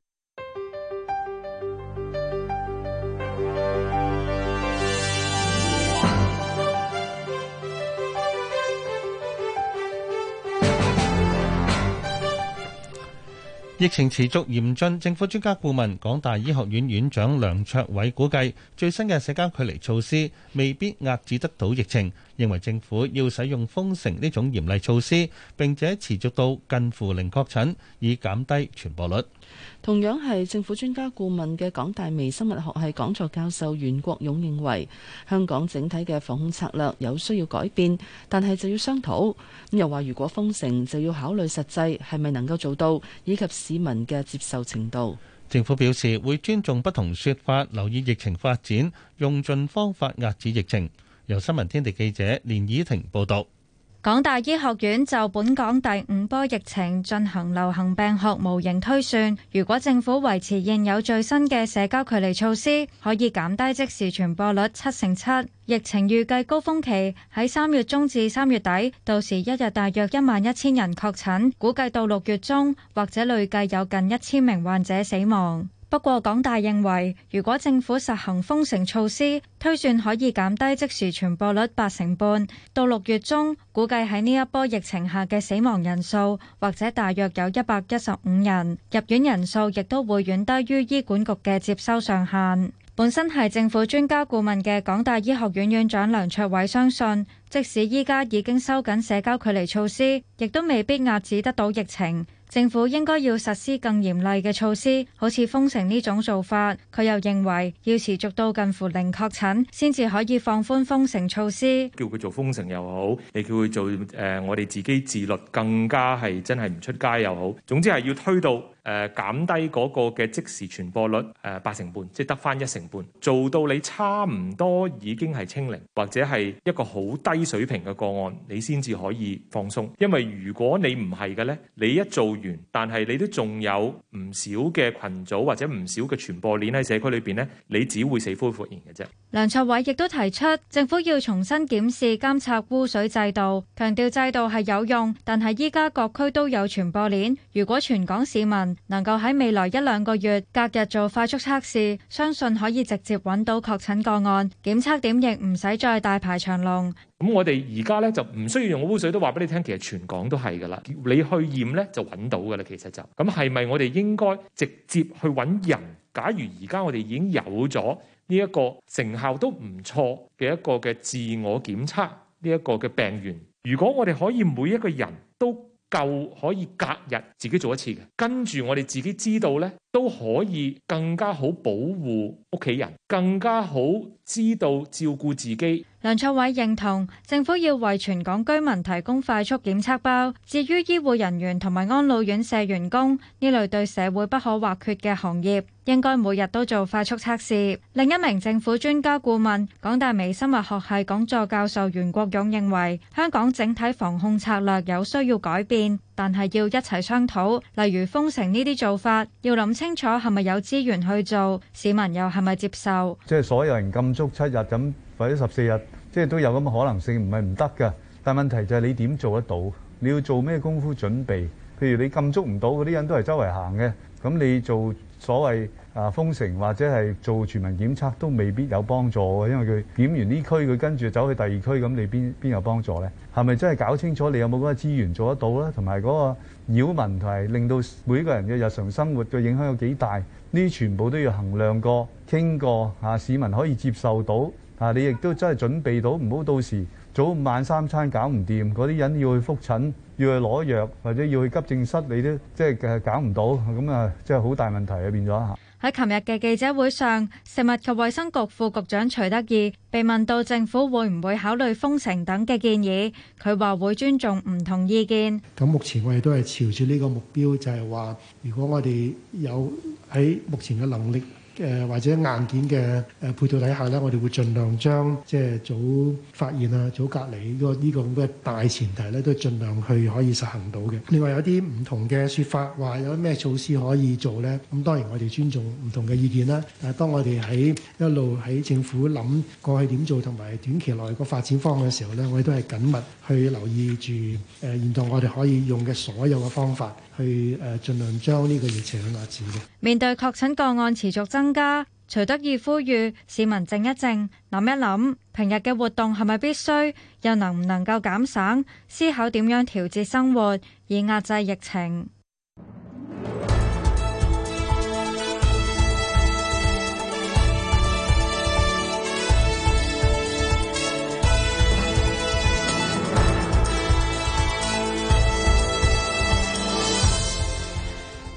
疫情持續嚴峻，政府專家顧問港大醫學院院長梁卓偉估計，最新嘅社交距離措施未必遏止得到疫情，認為政府要使用封城呢種嚴厲措施，並且持續到近乎零確診，以減低傳播率。同樣係政府專家顧問嘅港大微生物學系講座教授袁國勇認為，香港整體嘅防控策略有需要改變，但係就要商討。咁又話如果封城，就要考慮實際係咪能夠做到，以及市民嘅接受程度。政府表示會尊重不同説法，留意疫情發展，用盡方法壓止疫情。由新聞天地記者連以婷報導。港大醫學院就本港第五波疫情進行流行病學模型推算，如果政府維持現有最新嘅社交距離措施，可以減低即時傳播率七成七。疫情預計高峰期喺三月中至三月底，到時一日大約一萬一千人確診，估計到六月中或者累計有近一千名患者死亡。不過港大認為，如果政府實行封城措施，推算可以減低即時傳播率八成半。到六月中，估計喺呢一波疫情下嘅死亡人數或者大約有一百一十五人，入院人數亦都會遠低於醫管局嘅接收上限。本身係政府專家顧問嘅港大醫學院院，院長梁卓偉相信，即使依家已經收緊社交距離措施，亦都未必遏止得到疫情。政府應該要實施更嚴厲嘅措施，好似封城呢種做法。佢又認為要持續到近乎零確診先至可以放寬封城措施。叫佢做封城又好，你叫佢做誒、呃，我哋自己自律更加係真係唔出街又好。總之係要推到。誒、呃、減低嗰個嘅即時傳播率，誒、呃、八成半，即係得翻一成半，做到你差唔多已經係清零，或者係一個好低水平嘅個案，你先至可以放鬆。因為如果你唔係嘅呢，你一做完，但係你都仲有唔少嘅群組或者唔少嘅傳播鏈喺社區裏邊呢，你只會死灰復燃嘅啫。梁卓偉亦都提出，政府要重新檢視監測污水制度，強調制度係有用，但係依家各區都有傳播鏈，如果全港市民。能夠喺未來一兩個月隔日做快速測試，相信可以直接搵到確診個案。檢測點亦唔使再大排長龍。咁我哋而家咧就唔需要用污水，都話俾你聽，其實全港都係噶啦。你去驗咧就搵到噶啦，其實就咁係咪？我哋應該直接去搵人？假如而家我哋已經有咗呢一個成效都唔錯嘅一個嘅自我檢測呢一個嘅病源，如果我哋可以每一個人都。就可以隔日自己做一次嘅，跟住我哋自己知道咧。都可以更加好保護屋企人，更加好知道照顧自己。梁卓偉認同政府要為全港居民提供快速檢測包。至於醫護人員同埋安老院舍員工呢類對社會不可或缺嘅行業，應該每日都做快速測試。另一名政府專家顧問、港大微生物學系講座教授袁國勇認為，香港整體防控策略有需要改變。但係要一齊商討，例如封城呢啲做法，要諗清楚係咪有資源去做，市民又係咪接受？即係所有人禁足七日，咁或者十四日，即係都有咁嘅可能性，唔係唔得㗎。但係問題就係你點做得到？你要做咩功夫準備？譬如你禁足唔到嗰啲人都係周圍行嘅，咁你做所謂。啊！封城或者係做全民檢測都未必有幫助嘅，因為佢檢完呢區，佢跟住走去第二區，咁你邊邊有幫助咧？係咪真係搞清楚？你有冇嗰個資源做得到咧？同埋嗰個擾民問題，令到每個人嘅日常生活嘅影響有幾大？呢啲全部都要衡量過、傾過嚇，市民可以接受到嚇。你亦都真係準備到，唔好到時早晚三餐搞唔掂，嗰啲人要去復診、要去攞藥或者要去急症室，你都即係嘅搞唔到咁啊！真係好大問題啊，變咗嚇。喺琴日嘅記者會上，食物及衛生局副局長徐德義被問到政府會唔會考慮封城等嘅建議，佢話會尊重唔同意見。咁目前我哋都係朝住呢個目標，就係話如果我哋有喺目前嘅能力。誒、呃、或者硬件嘅誒配套底下咧，我哋會盡量將即係早發現啊、早隔離呢個呢個咁嘅大前提咧，都盡量去可以實行到嘅。另外有啲唔同嘅說法，話，有啲咩措施可以做咧？咁、嗯、當然我哋尊重唔同嘅意見啦。但係，當我哋喺一路喺政府諗過去點做，同埋短期內個發展方案嘅時候咧，我哋都係緊密去留意住誒現在，我哋可以用嘅所有嘅方法。去盡量將呢個疫情去壓止。面對確診個案持續增加，徐德義呼籲市民靜一靜，諗一諗平日嘅活動係咪必須，又能唔能夠減省，思考點樣調節生活以壓制疫情。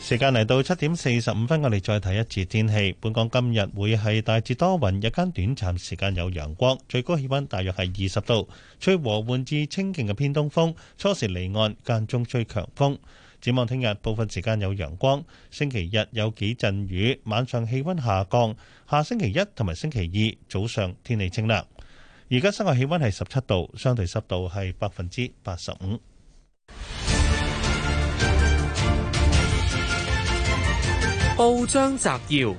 時間嚟到七點四十五分，我哋再睇一次天氣。本港今日會係大致多雲，日間短暫時間有陽光，最高氣溫大約係二十度，吹和緩至清勁嘅偏東風，初時離岸，間中吹強風。展望聽日部分時間有陽光，星期日有幾陣雨，晚上氣溫下降。下星期一同埋星期二早上天氣清涼。而家室外氣溫係十七度，相對濕度係百分之八十五。報章摘要：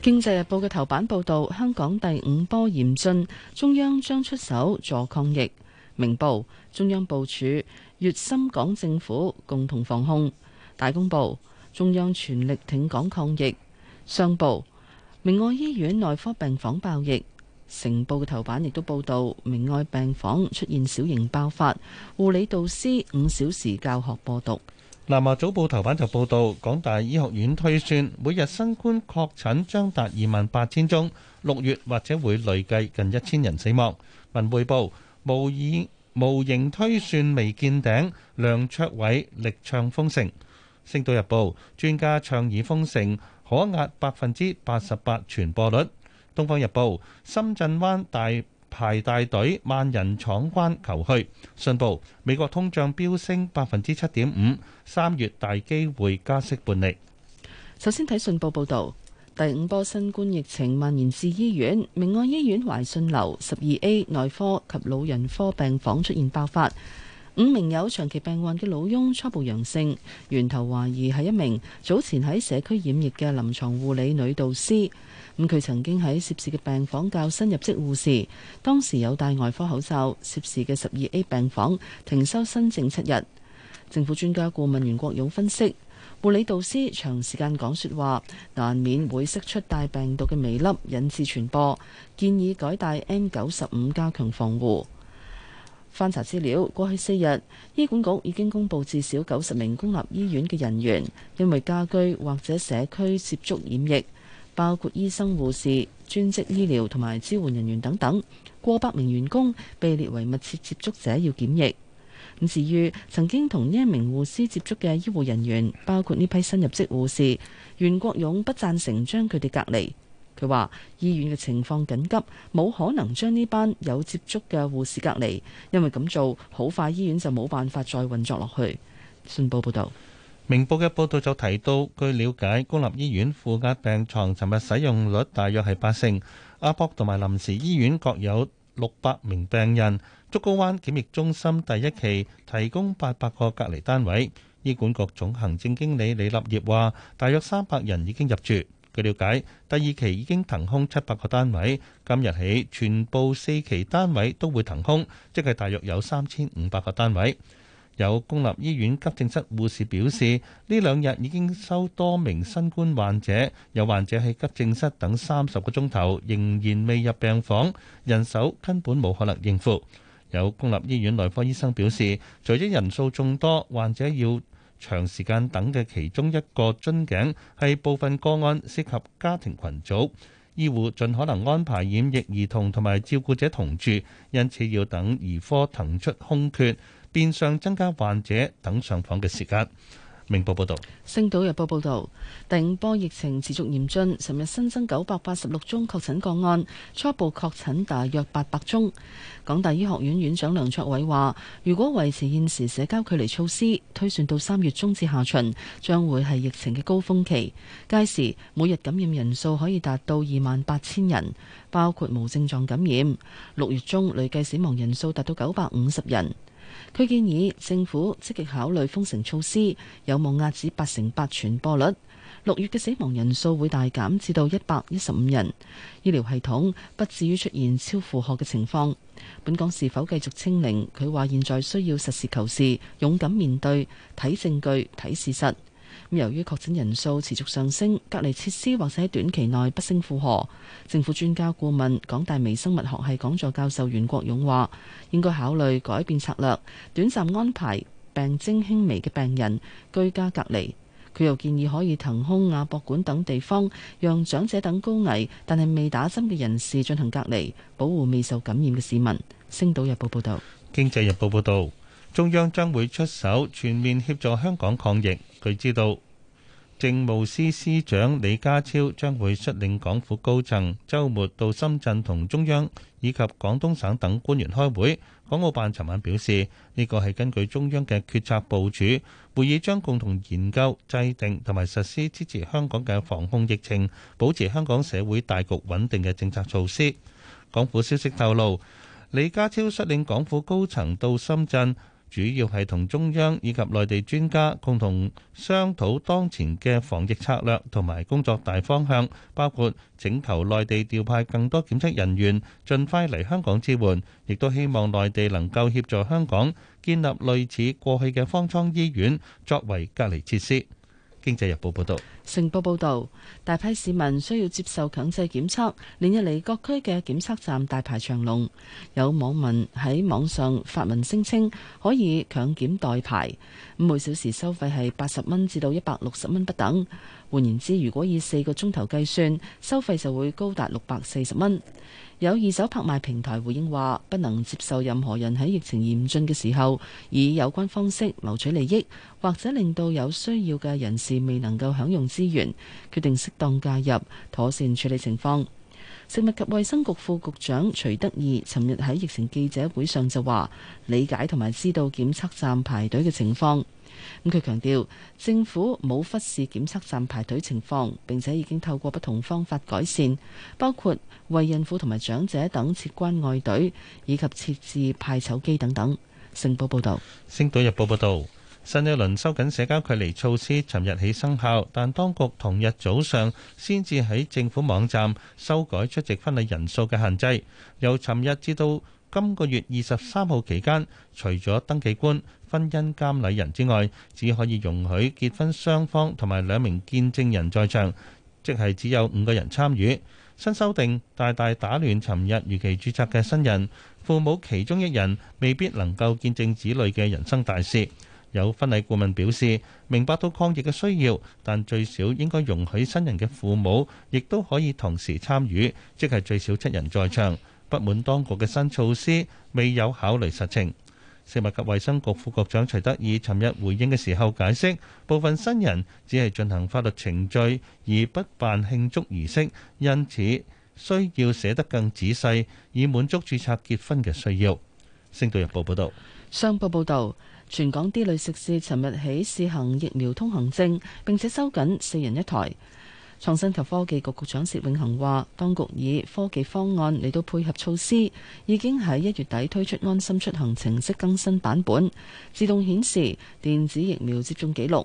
經濟日報嘅頭版報道香港第五波嚴峻，中央將出手助抗疫。明報：中央部署粵深港政府共同防控。大公報：中央全力挺港抗疫。商報：明愛醫院內科病房爆疫。成報嘅頭版亦都報道明愛病房出現小型爆發，護理導師五小時教學播毒。南華早報頭版就報道，港大醫學院推算，每日新冠確診將達二萬八千宗，六月或者會累計近一千人死亡。文匯報無以模型推算未見頂，梁卓偉力唱封城。星島日報專家倡議封城，可壓百分之八十八傳播率。東方日報深圳灣大。排大隊，萬人闖關求去。信報：美國通脹飆升百分之七點五，三月大機會加息半厘。首先睇信報報道，第五波新冠疫情蔓延至醫院，明愛醫院懷信樓十二 A 內科及老人科病房出現爆發，五名有長期病患嘅老翁初步陽性，源頭懷疑係一名早前喺社區染疫嘅臨床護理女導師。咁佢曾經喺涉事嘅病房教新入職護士，當時有戴外科口罩。涉事嘅 12A 病房停收新症七日。政府專家顧問袁國勇分析，護理導師長時間講說話，難免會釋出帶病毒嘅微粒，引致傳播。建議改戴 N95 加強防護。翻查資料，過去四日，醫管局已經公佈至少九十名公立醫院嘅人員因為家居或者社區接觸染疫。包括醫生、護士、專職醫療同埋支援人員等等，過百名員工被列為密切接觸者要檢疫。而至於曾經同呢一名護士接觸嘅醫護人員，包括呢批新入職護士，袁國勇不贊成將佢哋隔離。佢話：醫院嘅情況緊急，冇可能將呢班有接觸嘅護士隔離，因為咁做好快醫院就冇辦法再運作落去。信報報道。明報嘅報道就提到，據了解，公立醫院負壓病床尋日使用率大約係八成。亞博同埋臨時醫院各有六百名病人。竹篙灣檢疫中心第一期提供八百個隔離單位，醫管局總行政經理李立業話，大約三百人已經入住。據了解，第二期已經騰空七百個單位，今日起全部四期單位都會騰空，即係大約有三千五百個單位。有公立醫院急症室護士表示，呢兩日已經收多名新冠患者，有患者喺急症室等三十個鐘頭，仍然未入病房，人手根本冇可能應付。有公立醫院內科醫生表示，除咗人數眾多，患者要長時間等嘅其中一個樽頸係部分個案涉及家庭群組，醫護盡可能安排染疫兒童同埋照顧者同住，因此要等兒科騰出空缺。變相增加患者等上訪嘅時間。明報報導，《星島日報》報道，第五波疫情持續嚴峻，尋日新增九百八十六宗確診個案，初步確診大約八百宗。港大醫學院院長梁卓偉話，如果維持現時社交距離措施，推算到三月中至下旬將會係疫情嘅高峰期，屆時每日感染人數可以達到二萬八千人，包括無症狀感染。六月中累計死亡人數達到九百五十人。佢建議政府積極考慮封城措施，有望壓止八成八傳播率。六月嘅死亡人數會大減至到一百一十五人，醫療系統不至於出現超負荷嘅情況。本港是否繼續清零？佢話現在需要實事求是，勇敢面對，睇證據，睇事實。由於確診人數持續上升，隔離設施或者喺短期內不勝負荷。政府專家顧問、港大微生物學系講座教授袁國勇話：應該考慮改變策略，短暫安排病徵輕微嘅病人居家隔離。佢又建議可以騰空亞博館等地方，讓長者等高危但係未打針嘅人士進行隔離，保護未受感染嘅市民。星島日報報道，《經濟日報》報道，中央將會出手全面協助香港抗疫。佢知道，政務司司長李家超將會率領港府高層周末到深圳同中央以及廣東省等官員開會。港澳辦尋晚表示，呢個係根據中央嘅決策部署，會議將共同研究制定同埋實施支持香港嘅防控疫情、保持香港社會大局穩定嘅政策措施。港府消息透露，李家超率領港府高層到深圳。主要係同中央以及內地專家共同商討當前嘅防疫策略同埋工作大方向，包括請求內地調派更多檢測人員，盡快嚟香港支援，亦都希望內地能夠協助香港建立類似過去嘅方艙醫院作為隔離設施。經濟日報報道，成報報道，大批市民需要接受強制檢測，連日嚟各區嘅檢測站大排長龍。有網民喺網上發文聲稱，可以強檢代排，每小時收費係八十蚊至到一百六十蚊不等。換言之，如果以四個鐘頭計算，收費就會高達六百四十蚊。有二手拍賣平台回應話，不能接受任何人喺疫情嚴峻嘅時候，以有關方式謀取利益，或者令到有需要嘅人士未能夠享用資源，決定適當介入，妥善處理情況。食物及衛生局副局長徐德義尋日喺疫情記者會上就話：理解同埋知道檢測站排隊嘅情況。咁佢強調，政府冇忽視檢測站排隊情況，並且已經透過不同方法改善，包括為孕婦同埋長者等設關愛隊，以及設置派籌機等等。星島日報報道星島，星島日報報導。新一輪收緊社交距離措施，尋日起生效，但當局同日早上先至喺政府網站修改出席婚禮人數嘅限制。由尋日至到今個月二十三號期間，除咗登記官、婚姻監禮人之外，只可以容許結婚雙方同埋兩名見證人在場，即係只有五個人參與。新修訂大大打亂尋日如期註冊嘅新人父母，其中一人未必能夠見證子女嘅人生大事。有婚禮顧問表示明白到抗疫嘅需要，但最少應該容許新人嘅父母亦都可以同時參與，即係最少七人在場。不滿當局嘅新措施未有考慮實情。食物及衛生局副局長徐德義尋日回應嘅時候解釋，部分新人只係進行法律程序而不辦慶祝儀式，因此需要寫得更仔細，以滿足註冊結婚嘅需要。星島日報報道。商報報道。全港 D 類食肆尋日起試行疫苗通行證，並且收緊四人一台。創新及科技局局長薛永恒話，當局以科技方案嚟到配合措施，已經喺一月底推出安心出行程式更新版本，自動顯示電子疫苗接種記錄。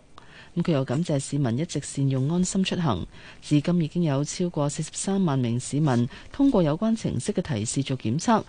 佢又感謝市民一直善用安心出行，至今已經有超過四十三萬名市民通過有關程式嘅提示做檢測。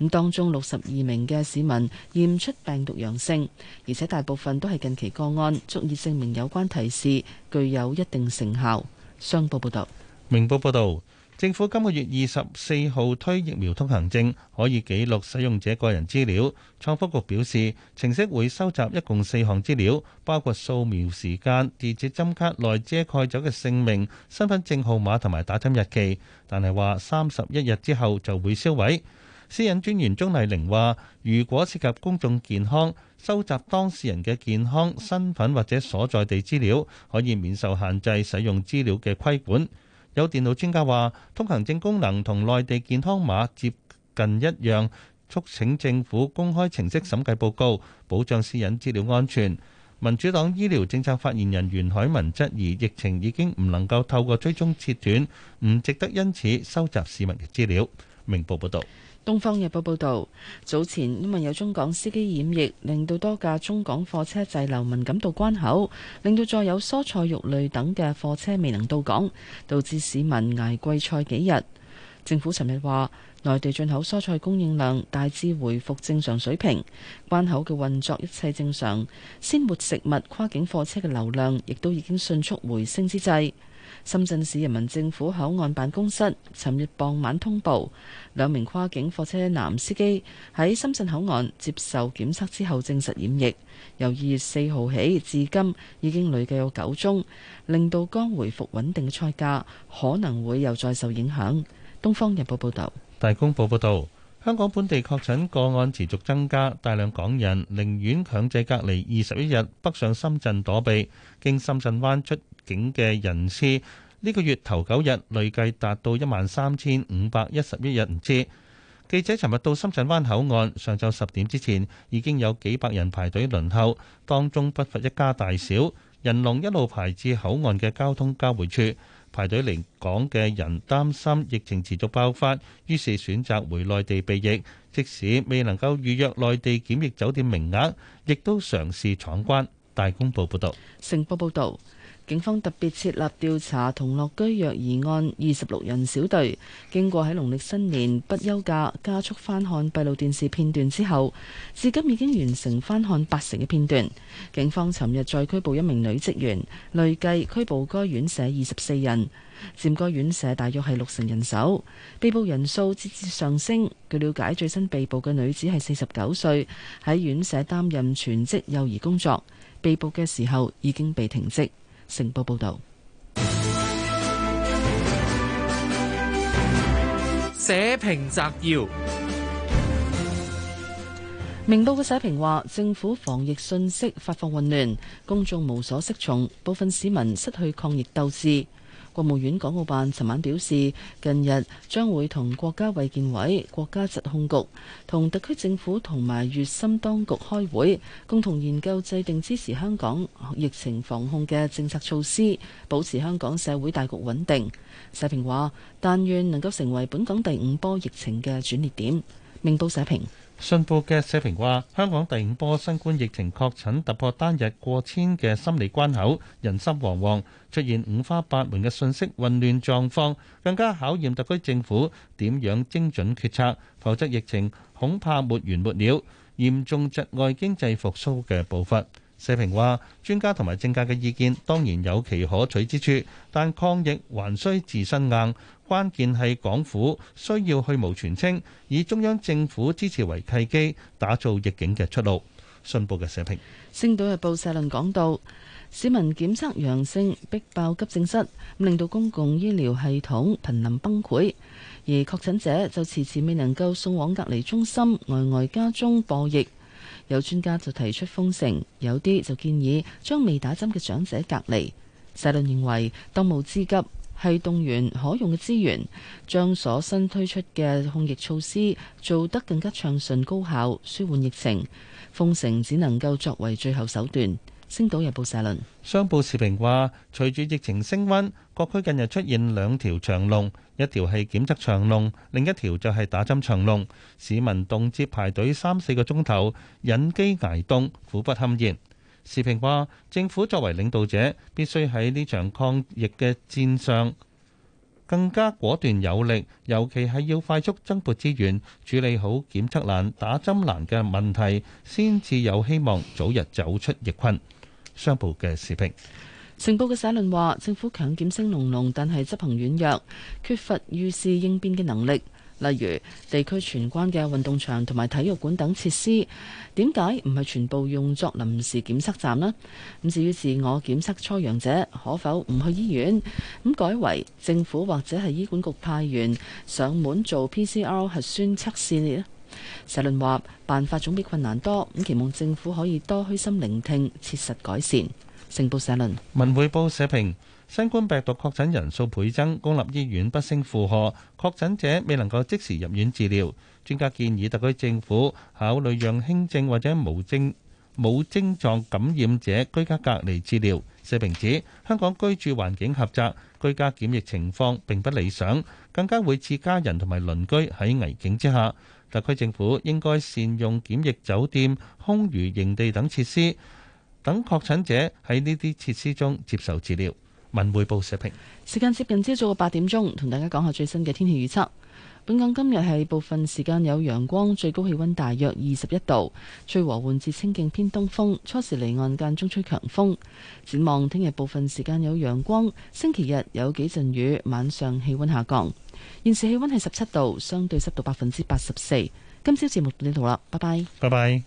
咁當中六十二名嘅市民驗出病毒陽性，而且大部分都係近期個案，足以證明有關提示具有一定成效。商報報道。明報報道。政府今個月二十四號推疫苗通行證，可以記錄使用者個人資料。創科局表示，程式會收集一共四項資料，包括掃描時間、電子針卡內遮蓋咗嘅姓名、身份證號碼同埋打針日期。但係話，三十一日之後就會銷毀。私隱專員鍾麗玲話，如果涉及公眾健康，收集當事人嘅健康、身份或者所在地資料，可以免受限制使用資料嘅規管。有電腦專家話，通行證功能同內地健康碼接近一樣，促請政府公開程式審計報告，保障私隱資料安全。民主黨醫療政策發言人袁海文質疑，疫情已經唔能夠透過追蹤切斷，唔值得因此收集市民嘅資料。明報報道。《東方日報》報導，早前因為有中港司機染疫，令到多架中港貨車滯留敏感到關口，令到載有蔬菜、肉類等嘅貨車未能到港，導致市民捱貴菜幾日。政府尋日話，內地進口蔬菜供應量大致回復正常水平，關口嘅運作一切正常，鮮活食物跨境貨車嘅流量亦都已經迅速回升之際。深圳市人民政府口岸辦公室尋日傍晚通報，兩名跨境貨車男司機喺深圳口岸接受檢測之後證實染疫。由二月四號起至今，已經累計有九宗，令到剛回復穩定嘅菜價可能會又再受影響。東方日報報道，《大公報》報道。香港本地確診個案持續增加，大量港人寧願強制隔離二十一日，北上深圳躲避，經深圳灣出境嘅人次，呢個月頭九日累計達到一萬三千五百一十一人次。記者尋日到深圳灣口岸，上晝十點之前已經有幾百人排隊輪候，當中不乏一家大小，人龍一路排至口岸嘅交通交匯處。排隊嚟港嘅人擔心疫情持續爆發，於是選擇回內地避疫。即使未能夠預約內地檢疫酒店名額，亦都嘗試闖關。大公報報導，成報報導。警方特別設立調查同樂居虐兒案二十六人小隊，經過喺農曆新年不休假加速翻看閉路電視片段之後，至今已經完成翻看八成嘅片段。警方尋日再拘捕一名女職員，累計拘捕該院舍二十四人，佔該院舍大約係六成人手。被捕人數節節上升。據了解，最新被捕嘅女子係四十九歲，喺院舍擔任全職幼兒工作，被捕嘅時候已經被停職。成報報道，社評摘要：明報嘅社評話，政府防疫信息發放混亂，公眾無所適從，部分市民失去抗疫鬥志。國務院港澳辦尋晚表示，近日將會同國家衛健委、國家疾控局、同特區政府同埋粵深當局開會，共同研究制定支持香港疫情防控嘅政策措施，保持香港社會大局穩定。社評話：但願能夠成為本港第五波疫情嘅轉捩點。明報社評。信報嘅社評話：香港第五波新冠疫情確診突破單日過千嘅心理關口，人心惶惶，出現五花八門嘅信息混亂狀況，更加考驗特區政府點樣精準決策，否則疫情恐怕沒完沒了，嚴重窒礙經濟復甦嘅步伐。社評話，專家同埋政界嘅意見當然有其可取之處，但抗疫還需自身硬，關鍵係港府需要去冇全清，以中央政府支持為契機，打造逆境嘅出路。信報嘅社評，《星島日報》社論講到，市民檢測陽性逼爆急症室，令到公共醫療系統瀕臨崩潰，而確診者就遲遲未能夠送往隔離中心，呆呆家中播疫。有專家就提出封城，有啲就建議將未打針嘅長者隔離。社論認為，當務之急係動員可用嘅資源，將所新推出嘅控疫措施做得更加暢順高效，舒緩疫情。封城只能夠作為最後手段。星島日報社論：商報時評話，隨住疫情升溫，各區近日出現兩條長龍，一條係檢測長龍，另一條就係打針長龍。市民凍接排隊三四個鐘頭，忍飢挨凍，苦不堪言。時評話，政府作為領導者，必須喺呢場抗疫嘅戰上更加果斷有力，尤其係要快速增撥資源，處理好檢測難、打針難嘅問題，先至有希望早日走出疫困。商報嘅視頻，成報嘅社論話：政府強檢聲隆隆，但係執行軟弱，缺乏預視應變嘅能力。例如地區全關嘅運動場同埋體育館等設施，點解唔係全部用作臨時檢測站呢？咁至於自我檢測初陽者，可否唔去醫院，咁改為政府或者係醫管局派員上門做 PCR 核酸測試呢？社論話：辦法總比困難多，咁期望政府可以多虛心聆聽，切實改善。成報社論。文匯報社評：新冠病毒確診人數倍增，公立醫院不勝負荷，確診者未能夠即時入院治療。專家建議特區政府考慮讓輕症或者無症冇症狀感染者居家隔離治療。社評指香港居住環境狹窄，居家檢疫情況並不理想，更加會致家人同埋鄰居喺危境之下。特區政府應該善用檢疫酒店、空餘營地等設施，等確診者喺呢啲設施中接受治療。文匯報社評。時間接近朝早嘅八點鐘，同大家講下最新嘅天氣預測。本港今日係部分時間有陽光，最高氣溫大約二十一度，吹和緩至清勁偏東風，初時離岸間中吹強風。展望聽日部分時間有陽光，星期日有幾陣雨，晚上氣溫下降。現時氣溫係十七度，相對濕度百分之八十四。今朝節目到呢度啦，拜拜。拜拜。